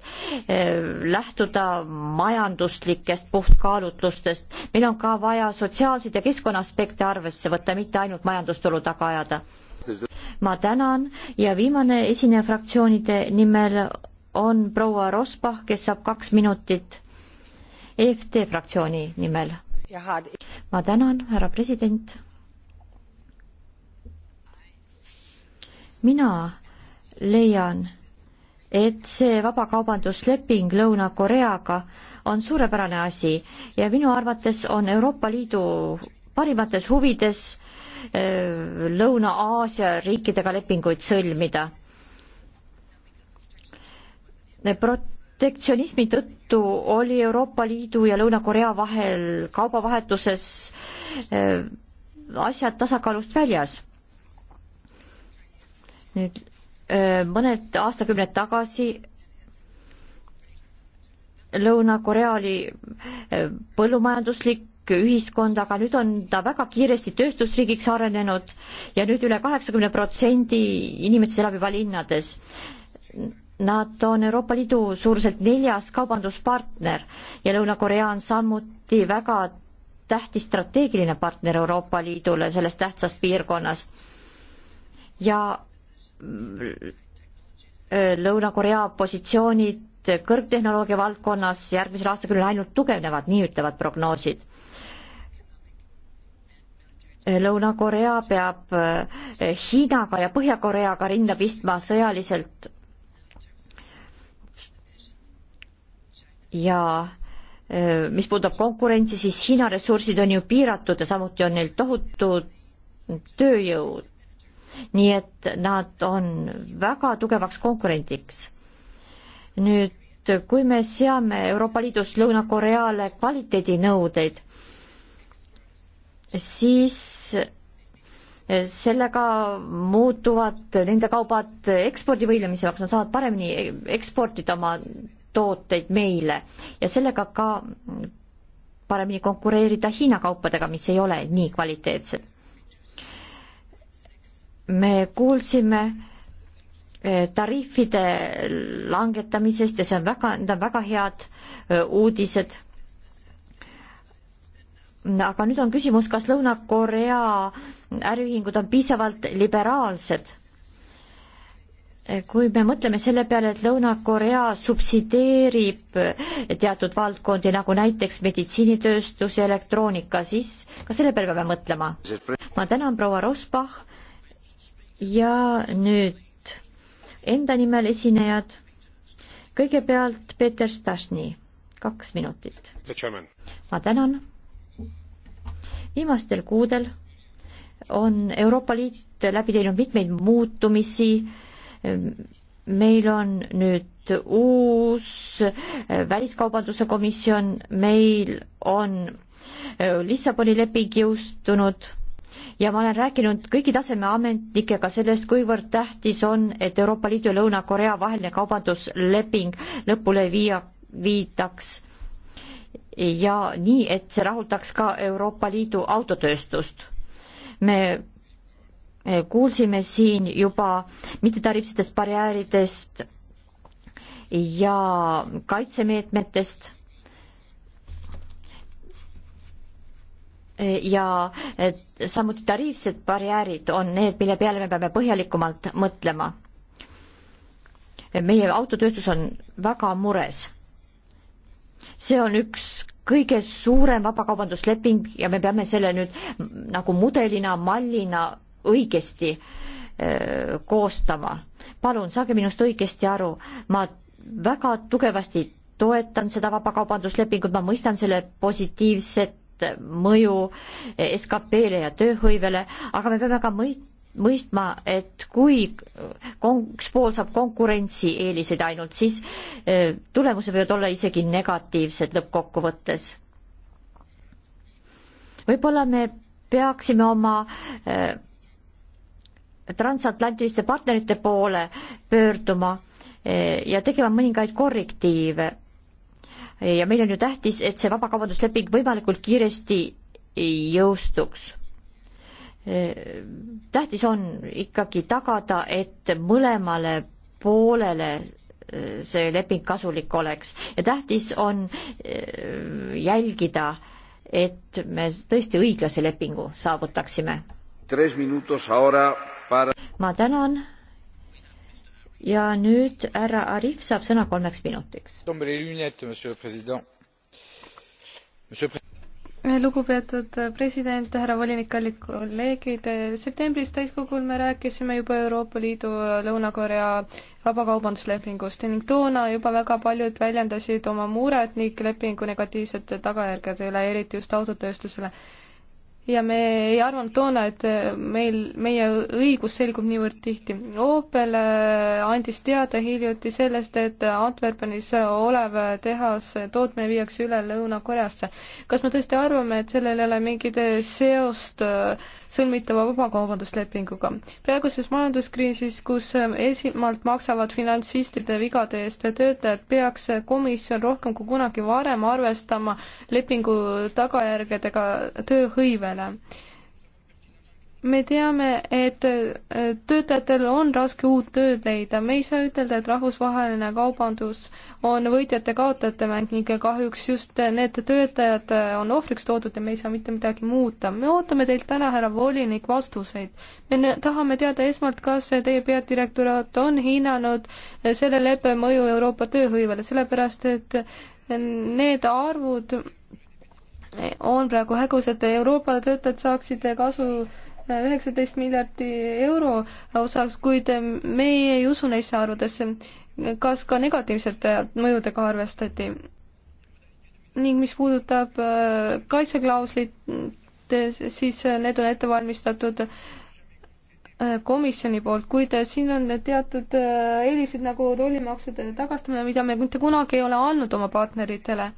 eh, lähtuda majanduslikest puhtkaalutlustest. meil on ka vaja sotsiaalseid ja keskkonnaaspekte arvesse võtta, mitte ainult majandustulu taga ajada ma tänan ja viimane esineja fraktsioonide nimel on proua Rosbach, kes saab kaks minutit EFT fraktsiooni nimel. ma tänan, härra president. mina leian, et see vabakaubandusleping Lõuna-Koreaga on suurepärane asi ja minu arvates on Euroopa Liidu parimates huvides äh, Lõuna-Aasia riikidega lepinguid sõlmida protektsionismi tõttu oli Euroopa Liidu ja Lõuna-Korea vahel kaubavahetuses eh, asjad tasakaalust väljas. nüüd eh, mõned aastakümned tagasi Lõuna-Korea oli eh, põllumajanduslik ühiskond, aga nüüd on ta väga kiiresti tööstusriigiks arenenud ja nüüd üle kaheksakümne protsendi inimestest elab juba linnades Nad on Euroopa Liidu suuruselt neljas kaubanduspartner ja Lõuna-Korea on samuti väga tähtis strateegiline partner Euroopa Liidule selles tähtsas piirkonnas. ja mm, äh, Lõuna-Korea positsioonid kõrgtehnoloogia valdkonnas järgmisel aastakümnel ainult tugevnevad, nii ütlevad prognoosid. Äh, Lõuna-Korea peab äh, Hiinaga ja Põhja-Koreaga rinda pistma sõjaliselt ja mis puudutab konkurentsi, siis Hiina ressursid on ju piiratud ja samuti on neil tohutu tööjõud. nii et nad on väga tugevaks konkurendiks. nüüd, kui me seame Euroopa Liidus Lõuna-Koreale kvaliteedinõudeid, siis sellega muutuvad nende kaubad ekspordivõimlemisemaks, nad saavad paremini eksportida oma tooteid meile ja sellega ka paremini konkureerida Hiina kaupadega, mis ei ole nii kvaliteetsed. me kuulsime eh, tariifide langetamisest ja see on väga, need on väga head eh, uudised. aga nüüd on küsimus, kas Lõuna-Korea äriühingud on piisavalt liberaalsed kui me mõtleme selle peale, et Lõuna-Korea subsideerib teatud valdkondi nagu näiteks meditsiinitööstus ja elektroonika, siis ka selle peale peame mõtlema. ma tänan proua Rosbach ja nüüd enda nimel esinejad. kõigepealt Peeter Stasny, kaks minutit. ma tänan. viimastel kuudel on Euroopa Liit läbi teinud mitmeid muutumisi meil on nüüd uus äh, väliskaubanduse komisjon, meil on äh, Lissaboni leping jõustunud ja ma olen rääkinud kõigi taseme ametnikega sellest, kuivõrd tähtis on, et Euroopa Liidu ja Lõuna-Korea vaheline kaubandusleping lõpule viia, viidaks ja nii, et see rahuldaks ka Euroopa Liidu autotööstust. me Eh, kuulsime siin juba mittetariifsetest barjääridest ja kaitsemeetmetest eh, ja eh, samuti tariifsed barjäärid on need, mille peale me peame põhjalikumalt mõtlema. meie autotööstus on väga mures. see on üks kõige suurem vabakaubandusleping ja me peame selle nüüd nagu mudelina, mallina õigesti koostama. palun saage minust õigesti aru, ma väga tugevasti toetan seda vabakaubanduslepingut, ma mõistan selle positiivset mõju SKP-le ja tööhõivele, aga me peame ka mõist-, mõistma, et kui üks pool saab konkurentsieeliseid ainult, siis tulemused võivad olla isegi negatiivsed lõppkokkuvõttes. võib-olla me peaksime oma transatlantiliste partnerite poole pöörduma eh, ja tegema mõningaid korrektiive. ja meil on ju tähtis, et see vabakaubandusleping võimalikult kiiresti jõustuks. Eh, tähtis on ikkagi tagada, et mõlemale poolele eh, see leping kasulik oleks ja tähtis on jälgida, et me tõesti õiglase lepingu saavutaksime Para... ma tänan ja nüüd härra Arif saab sõna kolmeks minutiks. lugupeetud president, härra volinik, kallid kolleegid, septembris täiskogul me rääkisime juba Euroopa Liidu Lõuna-Korea vabakaubanduslepingust ning toona juba väga paljud väljendasid oma muret ning lepingu negatiivsete tagajärgede üle, eriti just autotööstusele ja me ei arvanud toona, et äh, meil, meie õigus selgub niivõrd tihti. Opel äh, andis teada hiljuti sellest, et Antwerpenis olev tehas, äh, tootmine viiakse üle Lõuna-Koreasse. kas me tõesti arvame, et sellel ei ole mingit seost äh, sõlmitava vabakaubanduslepinguga. praeguses majanduskriisis, kus ähm, esimalt maksavad finantsistide vigade eest töötajad, peaks äh, komisjon rohkem kui kunagi varem arvestama lepingu tagajärgedega tööhõivele me teame, et äh, töötajatel on raske uut tööd leida, me ei saa ütelda, et rahvusvaheline kaubandus on võitjate-kaotajate mäng ning kahjuks just need töötajad äh, on ohvriks toodud ja me ei saa mitte midagi muuta. me ootame teilt täna, härra volinik, vastuseid. me tahame teada esmalt, kas teie peadirektoraat on hinnanud äh, selle leppe mõju Euroopa tööhõivele, sellepärast et need arvud on praegu hägusad, Euroopa töötajad saaksid kasu üheksateist miljardi euro osas, kuid meie ei usu neisse arvudesse. kas ka negatiivsete mõjudega arvestati? ning mis puudutab äh, kaitseklauslit, siis need on ette valmistatud äh, komisjoni poolt, kuid siin on teatud äh, eelised nagu tollimaksude tagastamine, mida me mitte kunagi ei ole andnud oma partneritele.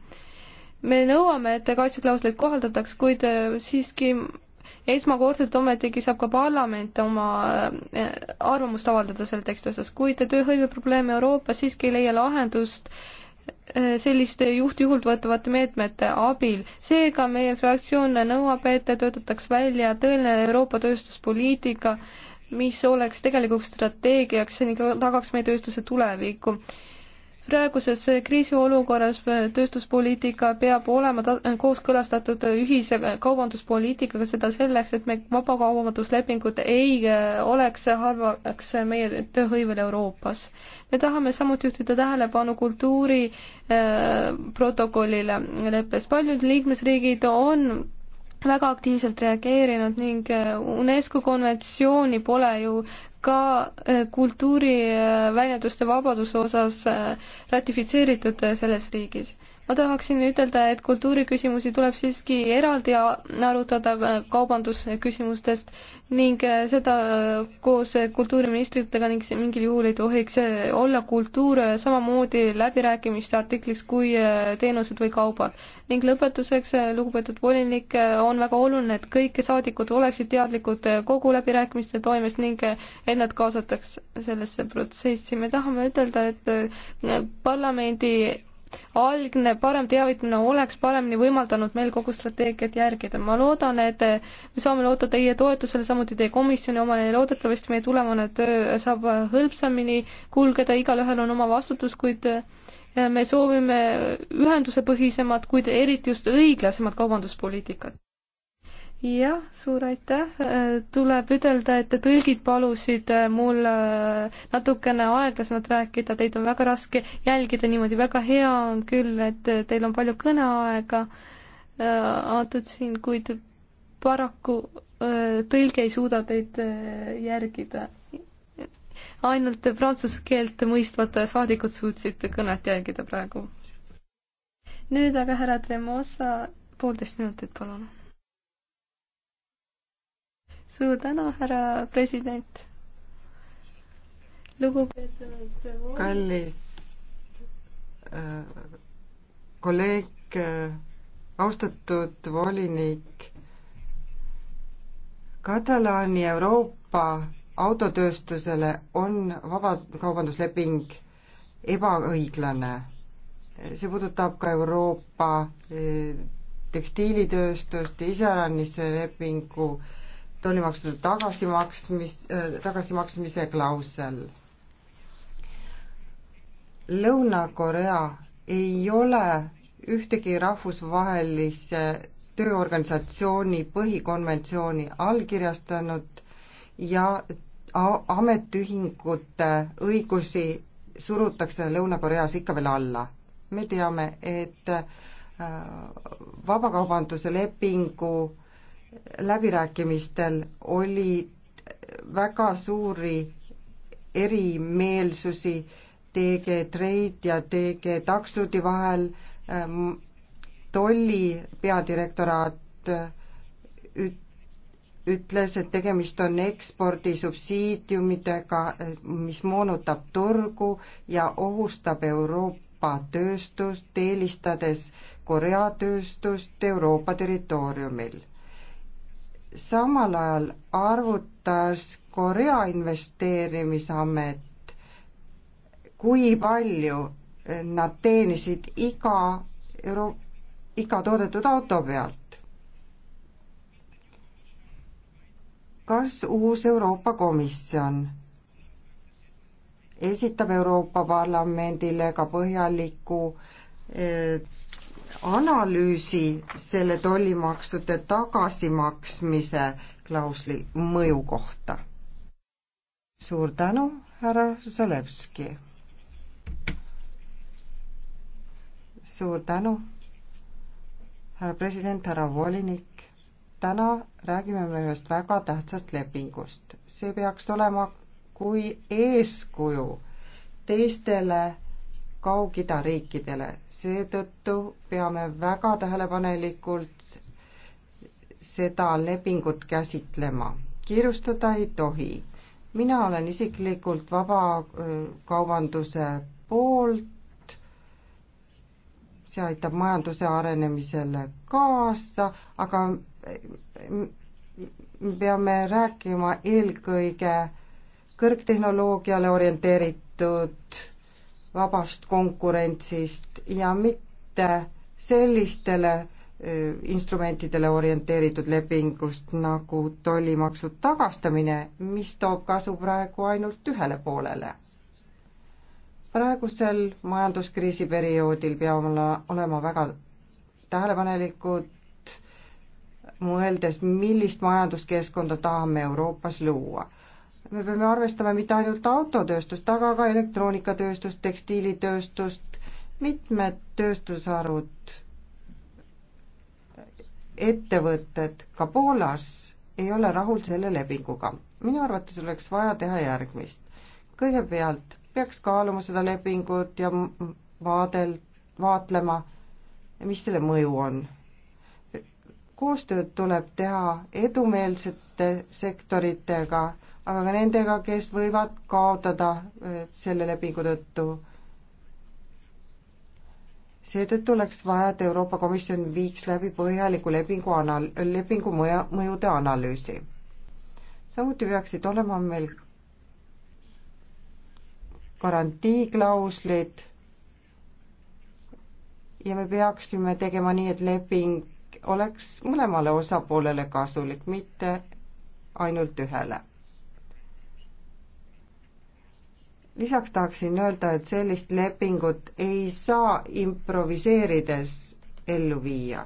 me nõuame, et kaitseklausleid kohaldataks, kuid siiski esmakordselt ometigi saab ka parlament oma äh, arvamust avaldada selle teksti osas, kuid tööhõiveprobleem Euroopas siiski ei leia lahendust äh, selliste juht-juhult võetavate meetmete abil. seega meie fraktsioon nõuab, et töötataks välja tõeline Euroopa tööstuspoliitika, mis oleks tegelikuks strateegiaks ning tagaks meie tööstuse tuleviku praeguses eh, kriisiolukorras eh, tööstuspoliitika peab olema kooskõlastatud eh, ühise kaubanduspoliitikaga, seda selleks, et me vabakaubanduslepingud ei oleks halvaks meie tööhõivel Euroopas. me tahame samuti juhtida tähelepanu kultuuri protokollile leppes, paljud liikmesriigid on väga aktiivselt reageerinud ning UNESCO konventsiooni pole ju ka eh, kultuuriväljenduste eh, vabaduse osas eh, ratifitseeritud selles riigis ma tahaksin ütelda, et kultuuriküsimusi tuleb siiski eraldi arutada kaubandusküsimustest ning äh, seda äh, koos kultuuriministritega ning see mingil juhul ei tohiks äh, olla kultuur samamoodi läbirääkimiste artikliks kui teenused või kaubad. ning lõpetuseks, lugupeetud volinik, on väga oluline, et kõik saadikud oleksid teadlikud kogu läbirääkimiste toimest ning et nad kaasataks sellesse protsessi. me tahame ütelda, et parlamendi algne parem teavitamine oleks paremini võimaldanud meil kogu strateegiat järgida. ma loodan, et me saame loota teie toetusele, samuti teie komisjoni omale ja loodetavasti meie tulevane töö saab hõlpsamini kulgeda, igalühel on oma vastutus, kuid eh, me soovime ühendusepõhisemat, kuid eriti just õiglasemat kaubanduspoliitikat jah, suur aitäh, tuleb ütelda, et tõlgid palusid mul äh, natukene aeglasemalt rääkida, teid on väga raske jälgida niimoodi, väga hea on küll, et teil on palju kõneaega äh, antud siin, kuid paraku äh, tõlge ei suuda teid järgida. ainult prantsuse keelt mõistvad saadikud suutsid kõnet jälgida praegu. nüüd aga härra Tremosa, poolteist minutit, palun suur tänu, härra president. lugupeetud äh, kallis äh, kolleeg äh,, austatud volinik, Katalaani Euroopa autotööstusele on vabakaubandusleping ebaõiglane. see puudutab ka Euroopa äh, tekstiilitööstust, iseäranis lepingu äh, tollimaksude tagasimaksmis, äh, tagasimaksmise klausel. Lõuna-Korea ei ole ühtegi rahvusvahelise tööorganisatsiooni põhikonventsiooni allkirjastanud ja ametiühingute õigusi surutakse Lõuna-Koreas ikka veel alla. me teame, et äh, vabakaubanduse lepingu läbirääkimistel oli väga suuri erimeelsusi TG Trade ja TG Taksodi vahel. Ähm, tolli peadirektoraat äh, ütles, et tegemist on ekspordisubsiidiumidega, mis moonutab turgu ja ohustab Euroopa tööstust, eelistades Korea tööstust Euroopa territooriumil samal ajal arvutas Korea investeerimisamet, kui palju nad teenisid iga euro, iga toodetud auto pealt. kas uus Euroopa Komisjon esitab Euroopa Parlamendile ka põhjaliku eh, analüüsi selle tollimaksude tagasimaksmise klausli mõju kohta. suur tänu, härra Zalewski. suur tänu, härra president, härra volinik. täna räägime me ühest väga tähtsast lepingust. see peaks olema kui eeskuju teistele Kaug-Ida riikidele. seetõttu peame väga tähelepanelikult seda lepingut käsitlema. kiirustada ei tohi. mina olen isiklikult vabakaubanduse poolt, see aitab majanduse arenemisele kaasa, aga me peame rääkima eelkõige kõrgtehnoloogiale orienteeritud vabast konkurentsist ja mitte sellistele instrumentidele orienteeritud lepingust nagu tollimaksu tagastamine, mis toob kasu praegu ainult ühele poolele. praegusel majanduskriisi perioodil peame olema väga tähelepanelikud, mõeldes, millist majanduskeskkonda tahame Euroopas luua me peame arvestama mitte ainult autotööstust, aga ka elektroonikatööstust, tekstiilitööstust, mitmed tööstusharud, ettevõtted ka Poolas ei ole rahul selle lepinguga. minu arvates oleks vaja teha järgmist. kõigepealt peaks kaaluma seda lepingut ja vaadel, vaatlema, mis selle mõju on. koostööd tuleb teha edumeelsete sektoritega aga ka nendega, kes võivad kaotada äh, selle lepingu tõttu. seetõttu oleks vaja, et Euroopa Komisjon viiks läbi põhjaliku lepingu anal-, lepingu mõja, mõjude analüüsi. samuti peaksid olema meil garantiiklauslid ja me peaksime tegema nii, et leping oleks mõlemale osapoolele kasulik, mitte ainult ühele lisaks tahaksin öelda, et sellist lepingut ei saa improviseerides ellu viia.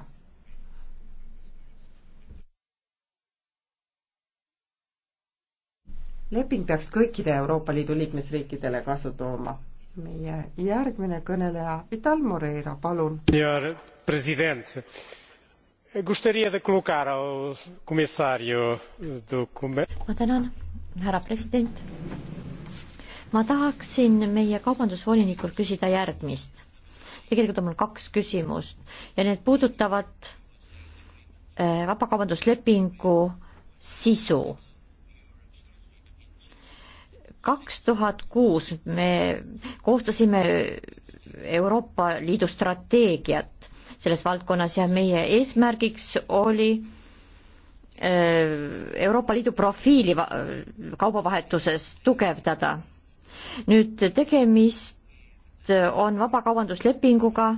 leping peaks kõikide Euroopa Liidu liikmesriikidele kasu tooma. meie järgmine kõneleja, Vital Moreira, palun. president, gustaría de colocar al comisario do ma tänan, härra president ma tahaksin meie kaubandusvolinikult küsida järgmist. tegelikult on mul kaks küsimust ja need puudutavad äh, vabakaubanduslepingu sisu. kaks tuhat kuus me koostasime Euroopa Liidu strateegiat selles valdkonnas ja meie eesmärgiks oli äh, Euroopa Liidu profiili kaubavahetuses tugevdada nüüd tegemist on vabakaubanduslepinguga,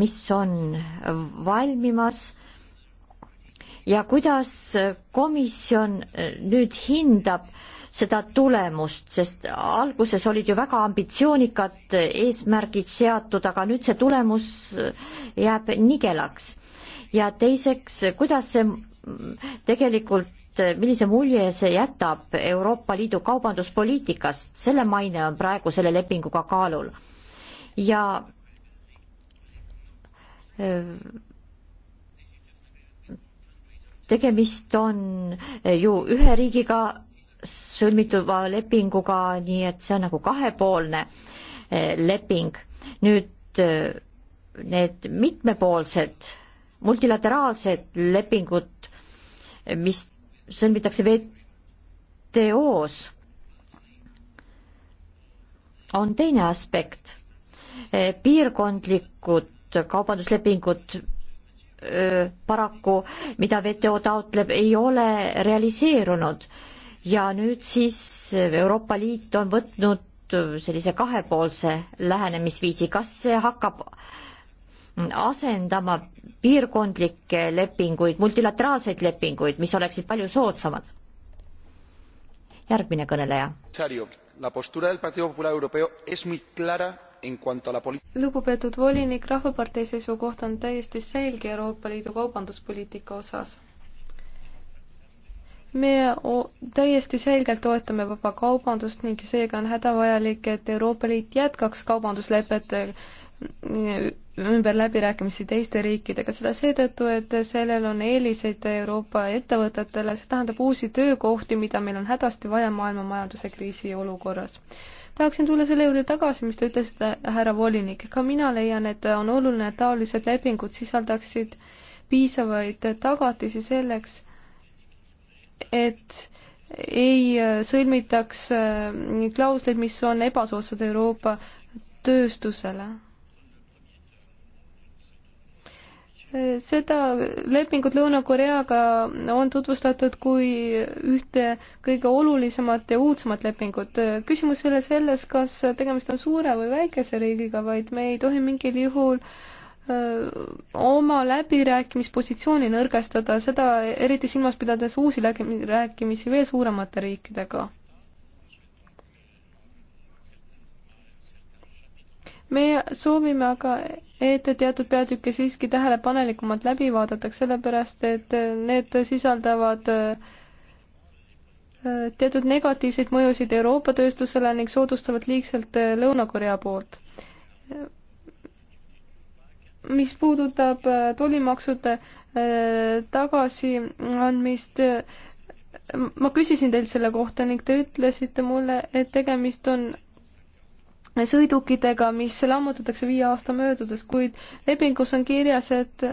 mis on valmimas ja kuidas komisjon nüüd hindab seda tulemust, sest alguses olid ju väga ambitsioonikad eesmärgid seatud, aga nüüd see tulemus jääb nigelaks. ja teiseks, kuidas see tegelikult et millise mulje see jätab Euroopa Liidu kaubanduspoliitikast, selle maine on praegu selle lepinguga kaalul. ja äh, tegemist on äh, ju ühe riigiga sõlmituva lepinguga, nii et see on nagu kahepoolne äh, leping. nüüd need mitmepoolsed multilateraalsed lepingud, mis sõlmitakse WTO-s, on teine aspekt. piirkondlikud kaubanduslepingud paraku, mida WTO taotleb, ei ole realiseerunud ja nüüd siis Euroopa Liit on võtnud sellise kahepoolse lähenemisviisi, kas see hakkab äh, asendama piirkondlikke lepinguid, multilateraalseid lepinguid, mis oleksid palju soodsamad. järgmine kõneleja. lugupeetud volinik, Rahvapartei seisukoht on täiesti selge Euroopa Liidu kaubanduspoliitika osas me täiesti selgelt toetame vaba kaubandust ning seega on hädavajalik, et Euroopa Liit jätkaks kaubanduslepete ümber läbirääkimisi teiste riikidega, seda seetõttu, et sellel on eeliseid Euroopa ettevõtetele, see tähendab uusi töökohti, mida meil on hädasti vaja maailma majanduse kriisi olukorras. tahaksin tulla selle juurde tagasi, mis te ütlesite, härra volinik, ka mina leian, et on oluline, et taolised lepingud sisaldaksid piisavaid tagatisi selleks, et ei sõlmitaks klausleid, mis on ebasoodsad Euroopa tööstusele seda lepingut Lõuna-Koreaga on tutvustatud kui ühte kõige olulisemat ja uudsemat lepingut. küsimus ei ole selles, kas tegemist on suure või väikese riigiga, vaid me ei tohi mingil juhul öö, äh, oma läbirääkimispositsiooni nõrgestada, seda eriti silmas pidades uusi läbirääkimisi veel suuremate riikidega. me soovime aga et teatud peatükke siiski tähelepanelikumalt läbi vaadatakse, sellepärast et need sisaldavad äh, teatud negatiivseid mõjusid Euroopa tööstusele ning soodustavad liigselt äh, Lõuna-Korea poolt. mis puudutab äh, tollimaksude tagasiandmist, ma küsisin teilt selle kohta ning te ütlesite mulle, et tegemist on sõidukitega, mis lammutatakse viie aasta möödudes, kuid lepingus on kirjas, et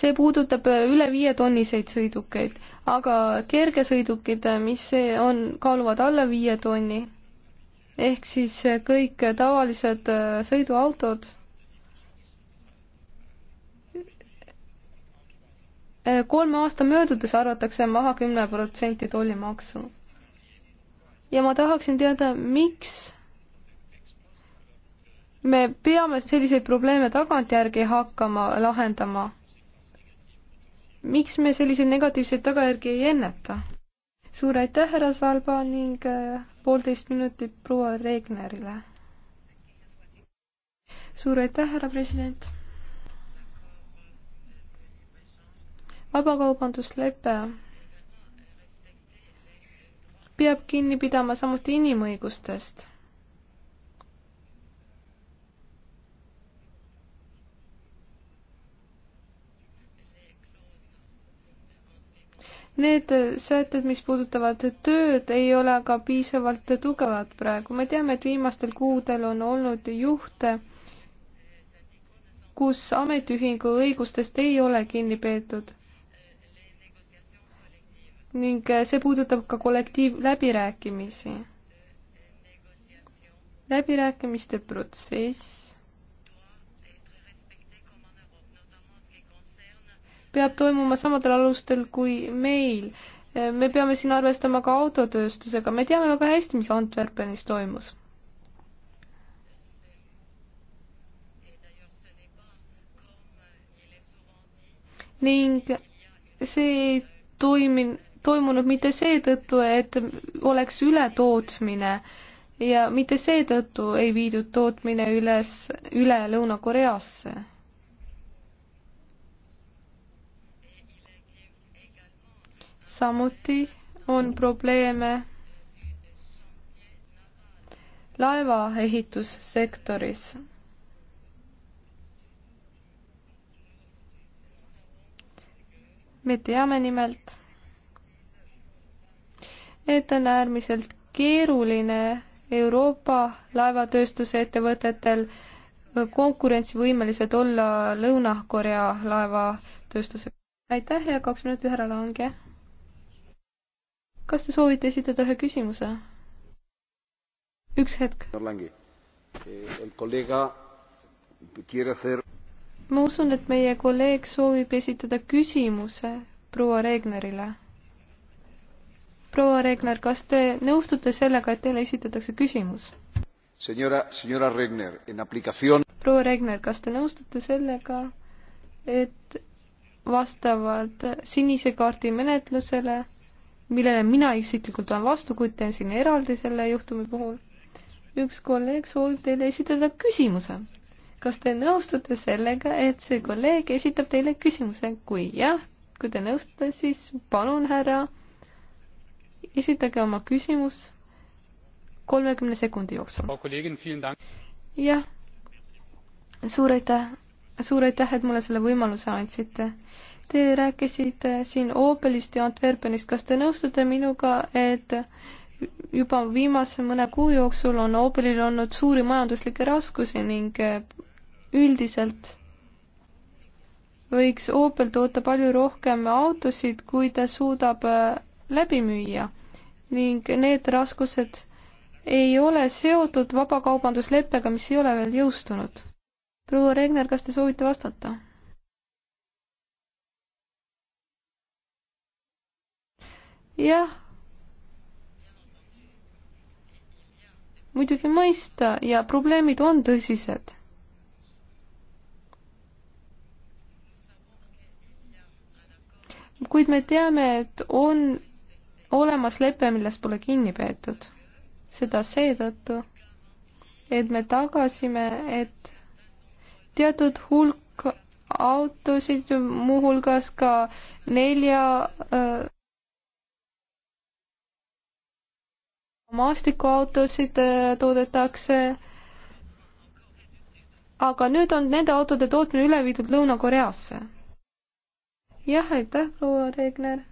see puudutab üle viie tonniseid sõidukeid, aga kergesõidukid, mis on, kaaluvad alla viie tonni, ehk siis kõik tavalised äh, sõiduautod äh, kolme aasta möödudes arvatakse maha kümne protsendi tollimaksu ja ma tahaksin teada, miks me peame selliseid probleeme tagantjärgi hakkama lahendama. miks me selliseid negatiivseid tagajärgi ei enneta? suur aitäh, härra Salba ning äh, poolteist minutit proua Regnerile. suur aitäh, härra president. vabakaubanduslepe peab kinni pidama samuti inimõigustest. Need sätted, mis puudutavad tööd, ei ole aga piisavalt tugevad praegu. me teame, et viimastel kuudel on olnud juhte, kus ametiühingu õigustest ei ole kinni peetud ning eh, see puudutab ka kollektiivläbirääkimisi. läbirääkimiste protsess peab toimuma samadel alustel kui meil. Eh, me peame siin arvestama ka autotööstusega, me teame väga hästi, mis Antwerpenis toimus. ning see ei toiminud toimunud mitte seetõttu, et oleks ületootmine ja mitte seetõttu ei viidud tootmine üles, üle Lõuna-Koreasse. samuti on probleeme laevaehitussektoris. me teame nimelt et on äärmiselt keeruline Euroopa laevatööstuse ettevõtetel konkurentsivõimeliselt olla Lõuna-Korea laevatööstusega. aitäh ja kaks minutit ära lange. kas te soovite esitada ühe küsimuse? üks hetk. Eh, ma usun, et meie kolleeg soovib esitada küsimuse proua Regnerile proua Regner, kas te nõustute sellega, et teile esitatakse küsimus? proua Regner, kas te nõustute sellega, et vastavalt sinise kaardi menetlusele, millele mina isiklikult olen vastu, kuid teen siin eraldi selle juhtumi puhul, üks kolleeg soovib teile esitada küsimuse. kas te nõustute sellega, et see kolleeg esitab teile küsimuse? kui jah, kui te nõustute, siis palun, härra esitage oma küsimus kolmekümne sekundi jooksul. jah, suur aitäh, suur aitäh, et mulle selle võimaluse andsite. Te rääkisite siin Opelist ja Antwerpenist, kas te nõustute minuga, et juba viimase mõne kuu jooksul on Opelil olnud suuri majanduslikke raskusi ning üldiselt võiks Opel toota palju rohkem autosid, kui ta suudab läbi müüa ning need raskused ei ole seotud vabakaubandusleppega, mis ei ole veel jõustunud. proua Regner, kas te soovite vastata? jah. muidugi mõista ja probleemid on tõsised kuid me teame, et on olemas lepe, millest pole kinni peetud. seda seetõttu, et me tagasime, et teatud hulk autosid, muuhulgas ka nelja äh, maastikuautosid toodetakse. aga nüüd on nende autode tootmine üle viidud Lõuna-Koreasse. jah, aitäh, proua Regner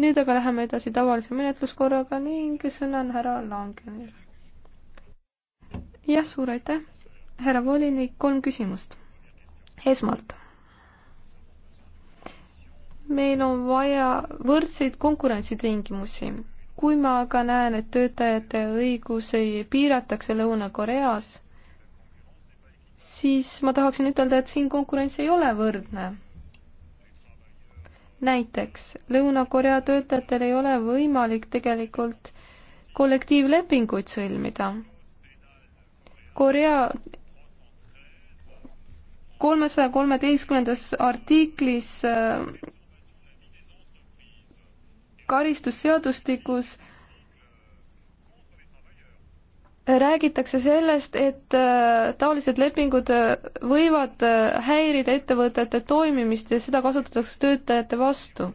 nüüd aga läheme edasi tavalise menetluskorraga ning sõna on härra Langenil. jah, suur aitäh, härra volinik, kolm küsimust. esmalt, meil on vaja võrdseid konkurentsitingimusi. kui ma aga näen, et töötajate õigusi piiratakse Lõuna-Koreas, siis ma tahaksin ütelda, et siin konkurents ei ole võrdne näiteks Lõuna-Korea töötajatel ei ole võimalik tegelikult kollektiivlepinguid sõlmida. Korea kolmesaja kolmeteistkümnendas artiklis äh, karistusseadustikus äh, räägitakse sellest, et äh, taolised lepingud äh, võivad äh, häirida ettevõtete toimimist ja seda kasutatakse töötajate vastu.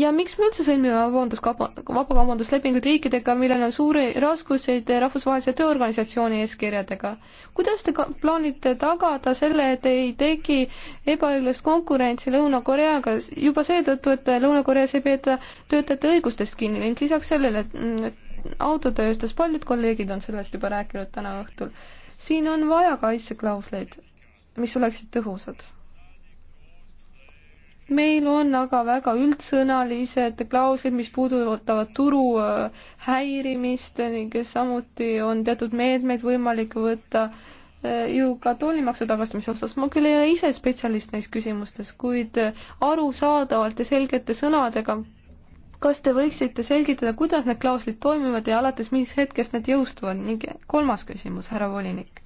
ja miks me üldse sõlmime vabanduskauba, vabakaubanduslepingud riikidega, millel on suuri raskuseid rahvusvahelise tööorganisatsiooni eeskirjadega? kuidas te ka plaanite tagada selle, et ei teki ebaõiglast konkurentsi Lõuna-Koreaga juba seetõttu, et Lõuna-Koreas ei peeta töötajate õigustest kinni ning lisaks sellele, et autotööstus, paljud kolleegid on sellest juba rääkinud täna õhtul, siin on vaja kaitseklausleid, mis oleksid tõhusad meil on aga väga üldsõnalised klauslid, mis puudutavad turu äh, häirimist ning samuti on teatud meetmeid võimalik võtta äh, ju ka tollimaksu tagastamise osas. ma küll ei ole ise spetsialist neis küsimustes, kuid äh, arusaadavalt ja selgete sõnadega, kas te võiksite selgitada, kuidas need klauslid toimivad ja alates mis hetkest need jõustuvad ning kolmas küsimus, härra volinik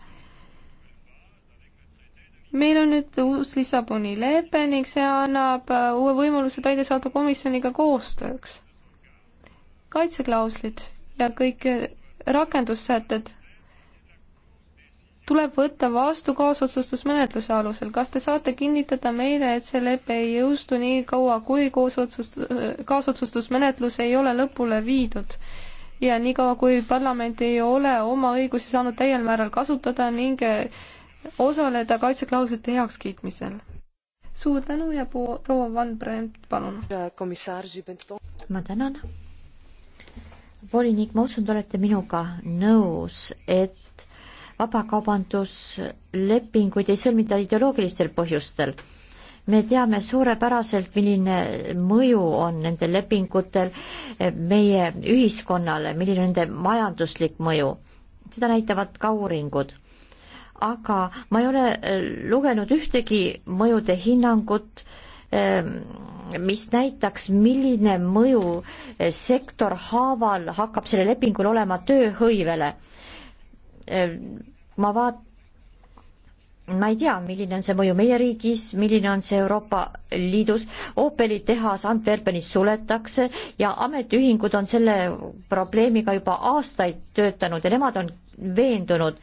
meil on nüüd uus Lissaboni lepe ning see annab äh, uue võimaluse täidesaatva komisjoniga koostööks. kaitseklauslid ja kõik äh, rakendussätted tuleb võtta vastu kaasotsustusmenetluse alusel. kas te saate kinnitada meile, et see lepe ei jõustu nii kaua, kui koosotsust-, äh, kaasotsustusmenetlus ei ole lõpule viidud? ja niikaua, kui parlament ei ole oma õigusi saanud täiel määral kasutada ning osaleda kaitseklauslite heakskiitmisel. suur tänu ja proua Van Brent, palun. ma tänan. volinik, ma usun, te olete minuga nõus, et vabakaubanduslepinguid ei sõlmita ideoloogilistel põhjustel me teame suurepäraselt, milline mõju on nendel lepingutel meie ühiskonnale, milline on nende majanduslik mõju. seda näitavad ka uuringud aga ma ei ole äh, lugenud ühtegi mõjude hinnangut, ähm, mis näitaks, milline mõju äh, sektor haaval hakkab sellel lepingul olema tööhõivele. Äh, ma vaat-, ma ei tea, milline on see mõju meie riigis, milline on see Euroopa Liidus, Opeli tehas Antwerpenis suletakse ja ametiühingud on selle probleemiga juba aastaid töötanud ja nemad on veendunud,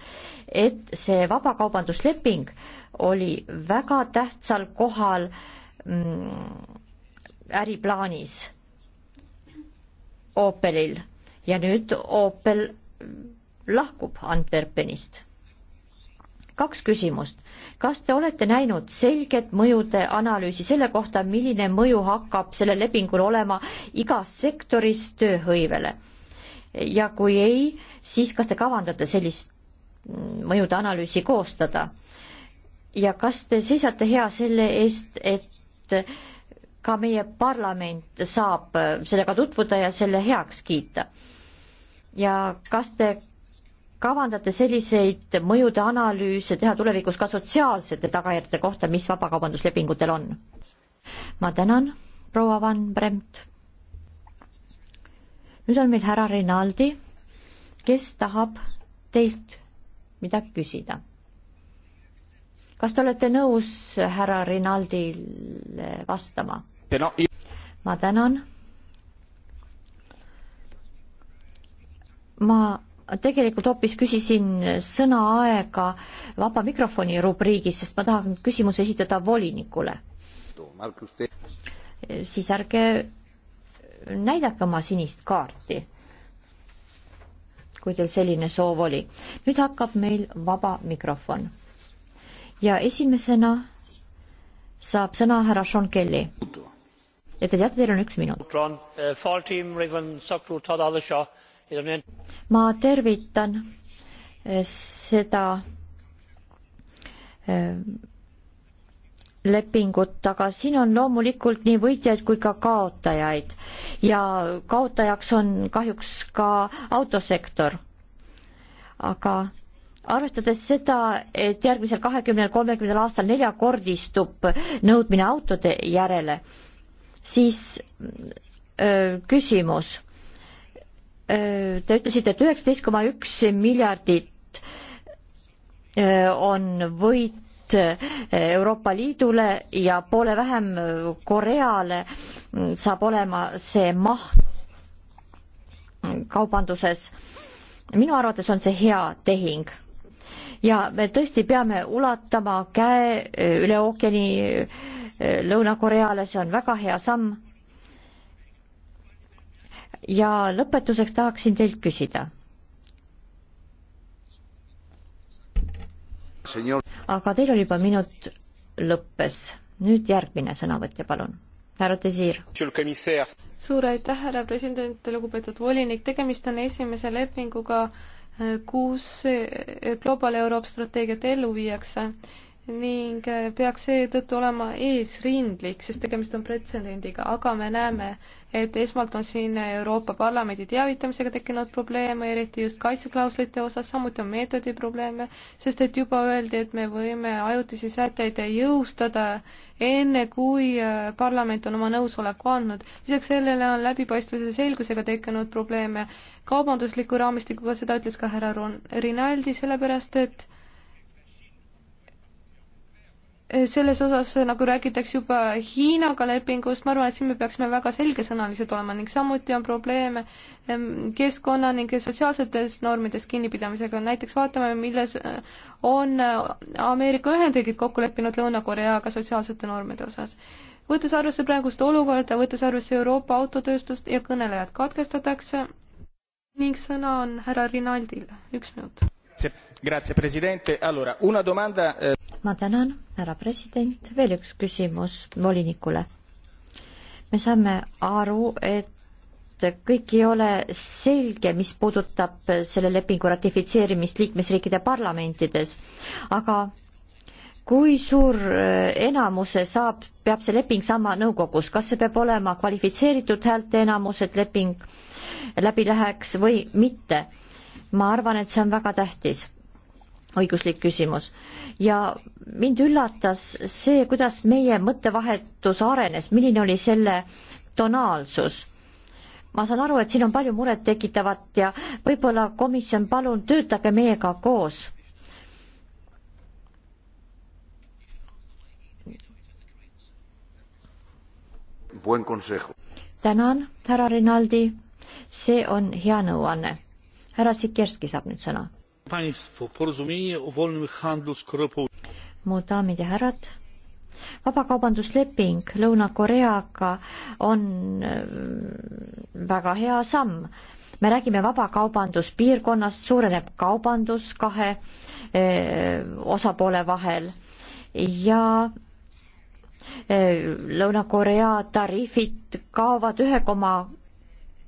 et see vabakaubandusleping oli väga tähtsal kohal mm, äriplaanis Opelil ja nüüd Opel lahkub Antwerpenist. kaks küsimust. kas te olete näinud selget mõjude analüüsi selle kohta, milline mõju hakkab sellel lepingul olema igas sektoris tööhõivele? ja kui ei, siis kas te kavandate sellist mõjude analüüsi koostada. ja kas te seisate hea selle eest, et ka meie parlament saab sellega tutvuda ja selle heaks kiita? ja kas te kavandate selliseid mõjude analüüse teha tulevikus ka sotsiaalsete tagajärgede kohta, mis vabakaubanduslepingutel on? ma tänan, proua Van Bremt. nüüd on meil härra Rinaldi, kes tahab teilt midagi küsida. kas te olete nõus härra Rinaldile vastama? ma tänan. ma tegelikult hoopis küsisin sõnaaega vaba mikrofoni rubriigis, sest ma tahan küsimuse esitada volinikule. siis ärge näidake oma sinist kaarti kui teil selline soov oli. nüüd hakkab meil vaba mikrofon. ja esimesena saab sõna härra Sean Kelly. ja te teate, teil on üks minut. ma tervitan eh, seda eh, lepingut, aga siin on loomulikult nii võitjaid kui ka kaotajaid ja kaotajaks on kahjuks ka autosektor. aga arvestades seda, et järgmisel kahekümnel, kolmekümnel aastal neljakordistub nõudmine autode järele, siis öö, küsimus. Te ütlesite, et üheksateist koma üks miljardit öö, on võit Liit eh, Euroopa Liidule ja poole vähem Koreale mm, saab olema see maht kaubanduses. minu arvates on see hea tehing. ja me tõesti peame ulatama käe eh, üle ookeani eh, Lõuna-Koreale, see on väga hea samm. ja lõpetuseks tahaksin teilt küsida aga teil oli juba minut lõppes. nüüd järgmine sõnavõtja, palun. härra Desir. suur aitäh, härra president, lugupeetud volinik, tegemist on esimese lepinguga, eh, kus eh, Global Europe strateegiat ellu viiakse ning äh, peaks seetõttu olema eesrindlik, sest tegemist on pretsedendiga, aga me näeme, et esmalt on siin Euroopa Parlamendi teavitamisega tekkinud probleeme, eriti just kaitseklauslite osas, samuti on meetodi probleeme, sest et juba öeldi, et me võime ajutisi sätteid jõustada enne, kui äh, parlament on oma nõusoleku andnud. lisaks sellele on läbipaistvuse selgusega tekkinud probleeme kaubandusliku raamistikuga, seda ütles ka härra Ron-, Rinaldi, sellepärast et selles osas, nagu räägitakse juba Hiinaga lepingust, ma arvan, et siin me peaksime väga selgesõnalised olema ning samuti on probleeme ehm, keskkonna ning sotsiaalsetes normides kinnipidamisega, näiteks vaatame, milles eh, on eh, Ameerika Ühendriigid kokku leppinud Lõuna-Koreaga sotsiaalsete normide osas. võttes arvesse praegust olukorda, võttes arvesse Euroopa autotööstust ja kõnelejad katkestatakse ning sõna on härra Rinaldil, üks minut. Grazie Presidente, allora una domanda eh ma tänan, härra president, veel üks küsimus volinikule. me saame aru, et kõik ei ole selge, mis puudutab selle lepingu ratifitseerimist liikmesriikide parlamentides, aga kui suur eh, enamuse saab, peab see leping saama nõukogus, kas see peab olema kvalifitseeritud häälte enamus, et leping läbi läheks või mitte? ma arvan, et see on väga tähtis õiguslik küsimus ja mind üllatas see, kuidas meie mõttevahetus arenes, milline oli selle tonaalsus. ma saan aru, et siin on palju muret tekitavat ja võib-olla komisjon, palun töötage meiega koos. tänan, härra Rinaldi, see on hea nõuanne. härra Sikerski saab nüüd sõna państwo, porozumienie o wolnym handlu z Koreą mu daamid ja härrad, vabakaubandusleping Lõuna-Koreaga on äh, väga hea samm. me räägime vabakaubanduspiirkonnast, suureneb kaubandus kahe äh, osapoole vahel ja äh, Lõuna-Korea tariifid kaovad ühe koma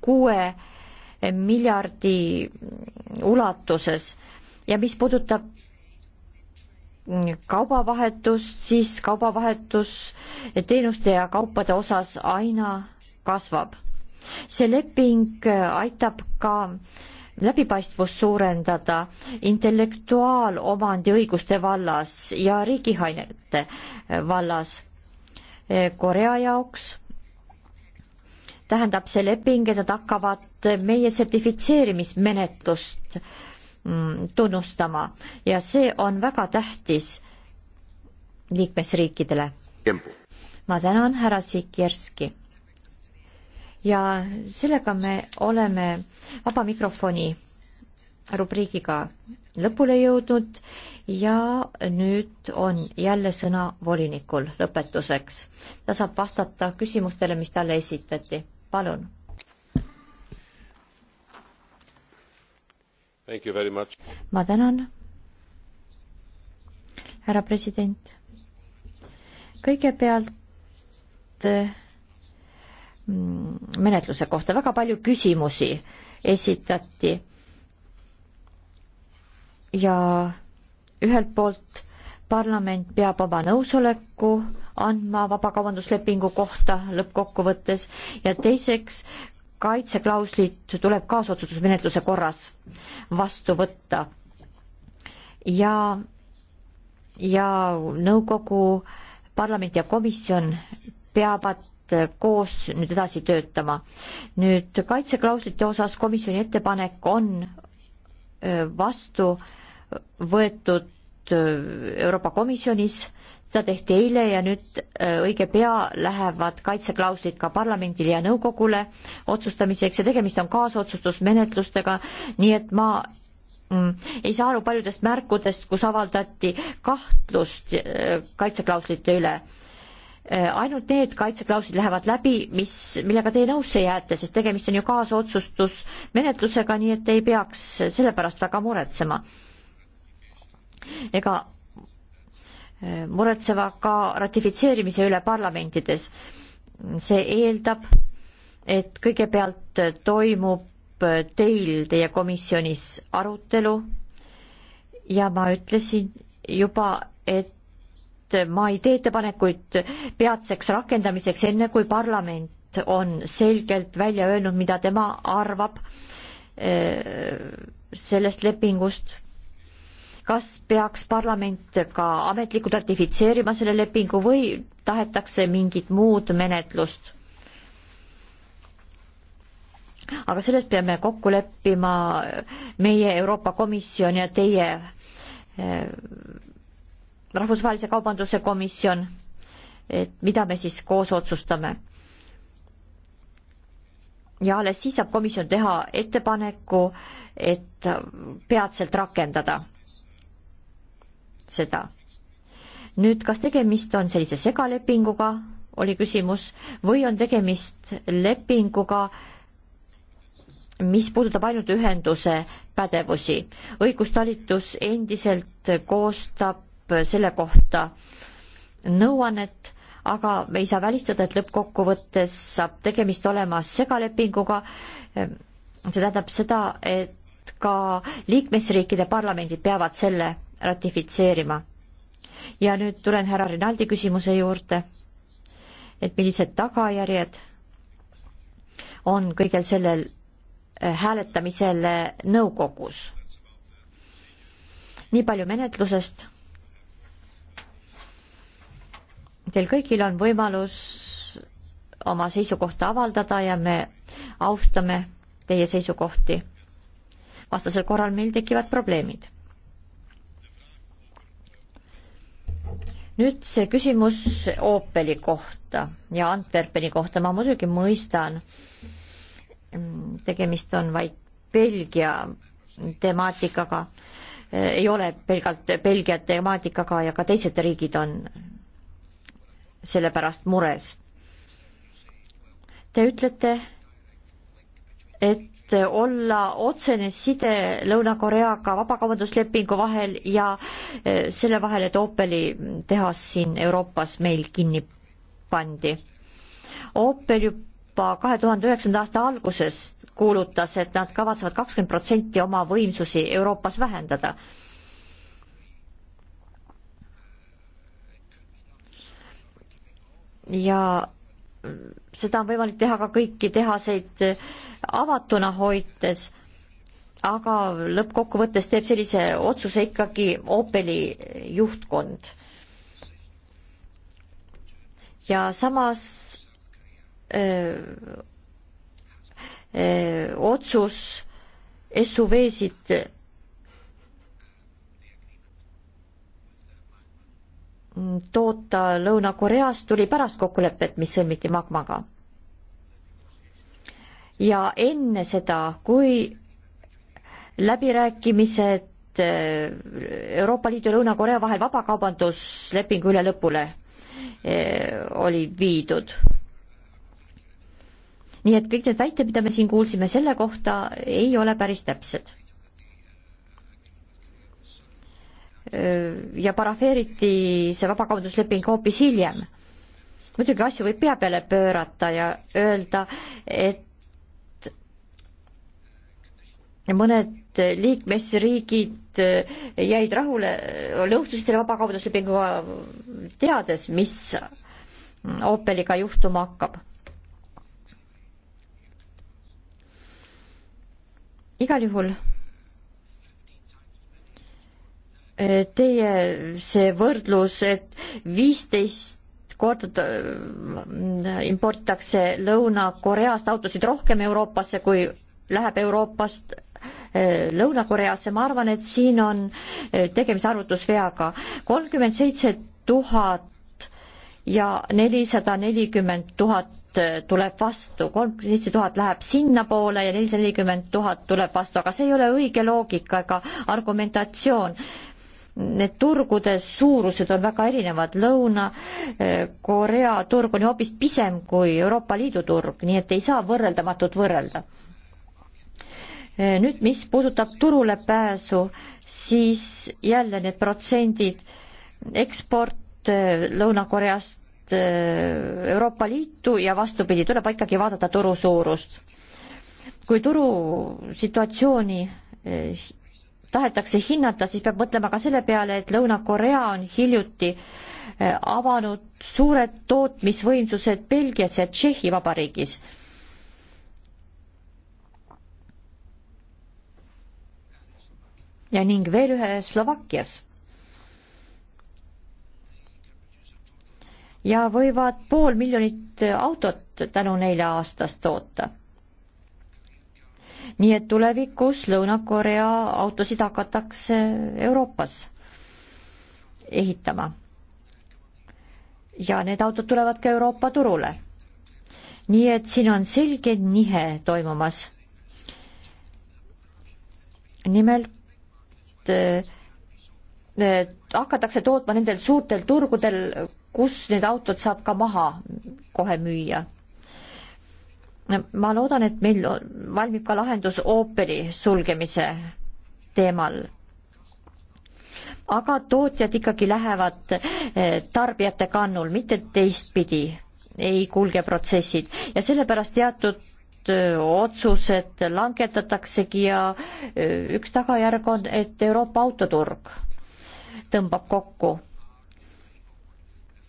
kuue miljardi ulatuses ja mis puudutab kaubavahetust, siis kaubavahetus teenuste ja kaupade osas aina kasvab. see leping aitab ka läbipaistvust suurendada intellektuaalomandi õiguste vallas ja riigihainete vallas. Korea jaoks tähendab see leping, et nad hakkavad meie sertifitseerimismenetlust äh, Mm, tunnustama ja see on väga tähtis liikmesriikidele. ma tänan, härra Sikierski. ja sellega me oleme vaba mikrofoni rubriigiga lõpule jõudnud ja nüüd on jälle sõna volinikul lõpetuseks. ta saab vastata küsimustele, mis talle esitati. palun ma tänan, härra president. kõigepealt eh, mm, menetluse kohta väga palju küsimusi esitati. ja ühelt poolt parlament peab oma nõusoleku andma vabakaubanduslepingu kohta lõppkokkuvõttes ja teiseks kaitseklauslid tuleb kaasotsustusmenetluse korras vastu võtta. ja, ja nõukogu, parlament ja komisjon peavad koos nüüd edasi töötama. nüüd kaitseklauslite osas komisjoni ettepanek on äh, vastu võetud äh, Euroopa Komisjonis seda tehti eile ja nüüd äh, õige pea lähevad kaitseklauslid ka parlamendile ja nõukogule otsustamiseks ja tegemist on kaasotsustusmenetlustega, nii et ma mm, ei saa aru paljudest märkudest, kus avaldati kahtlust äh, kaitseklauslite üle. Äh, ainult need kaitseklauslid lähevad läbi, mis, millega teie nõusse jääte, sest tegemist on ju kaasotsustusmenetlusega, nii et ei peaks selle pärast väga muretsema. ega muretsema ka ratifitseerimise üle parlamentides. see eeldab, et kõigepealt toimub teil, teie komisjonis arutelu ja ma ütlesin juba, et ma ei tee ettepanekuid peatseks rakendamiseks, enne kui parlament on selgelt välja öelnud, mida tema arvab äh, sellest lepingust kas peaks parlament ka ametlikult ratifitseerima selle lepingu või tahetakse mingit muud menetlust? aga selles peame kokku leppima meie Euroopa Komisjon ja teie eh, Rahvusvahelise Kaubanduse Komisjon, et mida me siis koos otsustame. ja alles siis saab komisjon teha ettepaneku, et peatselt rakendada seda. nüüd, kas tegemist on sellise segalepinguga, oli küsimus, või on tegemist lepinguga, mis puudutab ainult ühenduse pädevusi. õigustalitus endiselt koostab selle kohta nõuannet, aga me ei saa välistada, et lõppkokkuvõttes saab tegemist olema segalepinguga. see tähendab seda, et ka liikmesriikide parlamendid peavad selle ratifitseerima. ja nüüd tulen härra Rinaldi küsimuse juurde, et millised tagajärjed on kõigel sellel äh, hääletamisele äh, nõukogus. nii palju menetlusest. Teil kõigil on võimalus oma seisukohta avaldada ja me austame teie seisukohti. vastasel korral meil tekivad probleemid nüüd see küsimus Opeli kohta ja Antwerpeni kohta ma muidugi mõistan, mm, tegemist on vaid Belgia temaatikaga, eh, ei ole pelgalt Belgia temaatikaga ja ka teised riigid on selle pärast mures. Te ütlete, et olla otsene side Lõuna-Koreaga vabakaubanduslepingu vahel ja eh, selle vahel, et Opeli tehas siin Euroopas meil kinni pandi. Opel juba kahe tuhande üheksanda aasta alguses kuulutas, et nad kavatsevad kakskümmend protsenti oma võimsusi Euroopas vähendada ja seda on võimalik teha ka kõiki tehaseid avatuna hoides, aga lõppkokkuvõttes teeb sellise otsuse ikkagi Opeli juhtkond. ja samas öö, öö, otsus SUV-sid toota Lõuna-Koreas tuli pärast kokkulepet, mis sõlmiti Magmaga ja enne seda, kui läbirääkimised eh, Euroopa Liidu ja Lõuna-Korea vahel vabakaubanduslepingu üle lõpule eh, olid viidud. nii et kõik need väited, mida me siin kuulsime selle kohta, ei ole päris täpsed. Eh, ja parafeeriti see vabakaubandusleping hoopis hiljem muidugi asju võib pea peale pöörata ja öelda, et mõned liikmesriigid eh, jäid rahule, lõhtusid selle vabakaubanduslepinguga, teades, mis Opeliga juhtuma hakkab. igal juhul eh, teie see võrdlus, et viisteist korda eh, importitakse Lõuna-Koreast autosid rohkem Euroopasse, kui läheb Euroopast Lõuna-Koreasse, ma arvan, et siin on eh, tegemist arvutusveaga. kolmkümmend seitse tuhat ja nelisada nelikümmend tuhat eh, tuleb vastu, kolmkümmend seitse tuhat läheb sinnapoole ja nelisada nelikümmend tuhat tuleb vastu, aga see ei ole õige loogika ega argumentatsioon. Need turgude suurused on väga erinevad, Lõuna-Korea eh, turg on ju hoopis pisem kui Euroopa Liidu turg, nii et ei saa võrreldamatut võrrelda Eh, nüüd, mis puudutab turule pääsu, siis jälle need protsendid, eksport eh, Lõuna-Koreast eh, Euroopa Liitu ja vastupidi, tuleb ikkagi vaadata turu suurust. kui turusituatsiooni tahetakse hinnata, siis peab mõtlema ka selle peale, et Lõuna-Korea on hiljuti avanud suured tootmisvõimsused Belgias ja Tšehhi Vabariigis ja ning veel ühe Slovakkias. ja võivad pool miljonit autot tänu neile aastas toota. nii et tulevikus Lõuna-Korea autosid hakatakse Euroopas ehitama. ja need autod tulevad ka Euroopa turule. nii et siin on selge nihe toimumas. nimelt hakatakse tootma nendel suurtel turgudel, kus need autod saab ka maha kohe müüa. ma loodan, et meil on, valmib ka lahendus ooperi sulgemise teemal. aga tootjad ikkagi lähevad eh, tarbijate kannul, mitte teistpidi ei kulge protsessid ja sellepärast teatud otsused langetataksegi ja üks tagajärg on, et Euroopa autoturg tõmbab kokku.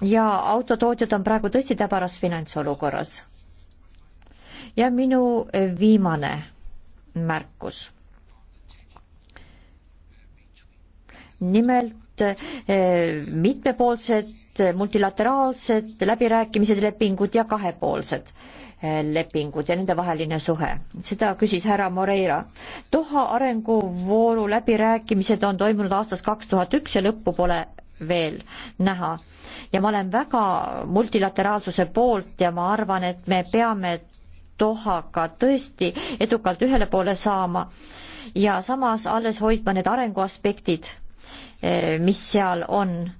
ja autotootjad on praegu tõesti täbaras finantsolukorras. ja minu viimane märkus. nimelt mitmepoolsed multilateraalsed läbirääkimised, lepingud ja kahepoolsed lepingud ja nendevaheline suhe. seda küsis härra Moreira. Doha arenguvooru läbirääkimised on toimunud aastast kaks tuhat üks ja lõppu pole veel näha. ja ma olen väga multilateraalsuse poolt ja ma arvan, et me peame Dohaga tõesti edukalt ühele poole saama ja samas alles hoidma need arenguaspektid, eh, mis seal on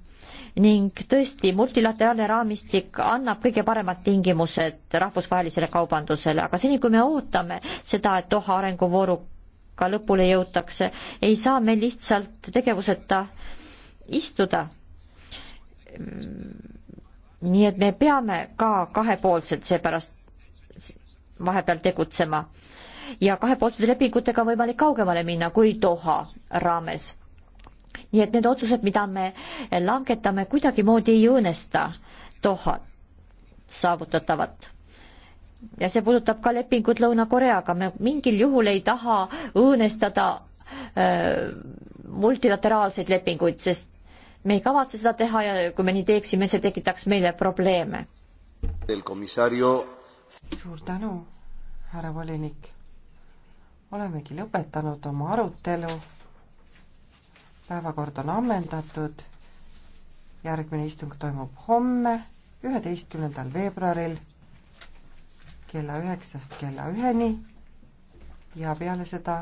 ning tõesti, multilateraalne raamistik annab kõige paremad tingimused rahvusvahelisele kaubandusele, aga seni, kui me ootame seda, et Doha arenguvooruga lõpule jõutakse, ei saa me lihtsalt tegevuseta istuda nii et me peame ka kahepoolselt seepärast vahepeal tegutsema ja kahepoolsete lepingutega on võimalik kaugemale minna kui Doha raames nii et need otsused, mida me langetame, kuidagimoodi ei õõnesta Doha saavutatavat. ja see puudutab ka lepingut Lõuna-Koreaga, me mingil juhul ei taha õõnestada äh, multilateraalseid lepinguid, sest me ei kavatse seda teha ja kui me nii teeksime, see tekitaks meile probleeme. suur tänu, härra volinik. olemegi lõpetanud oma arutelu päevakord on ammendatud. järgmine istung toimub homme, üheteistkümnendal veebruaril kella üheksast kella üheni ja peale seda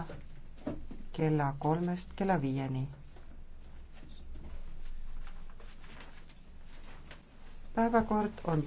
kella kolmest kella viieni. päevakord on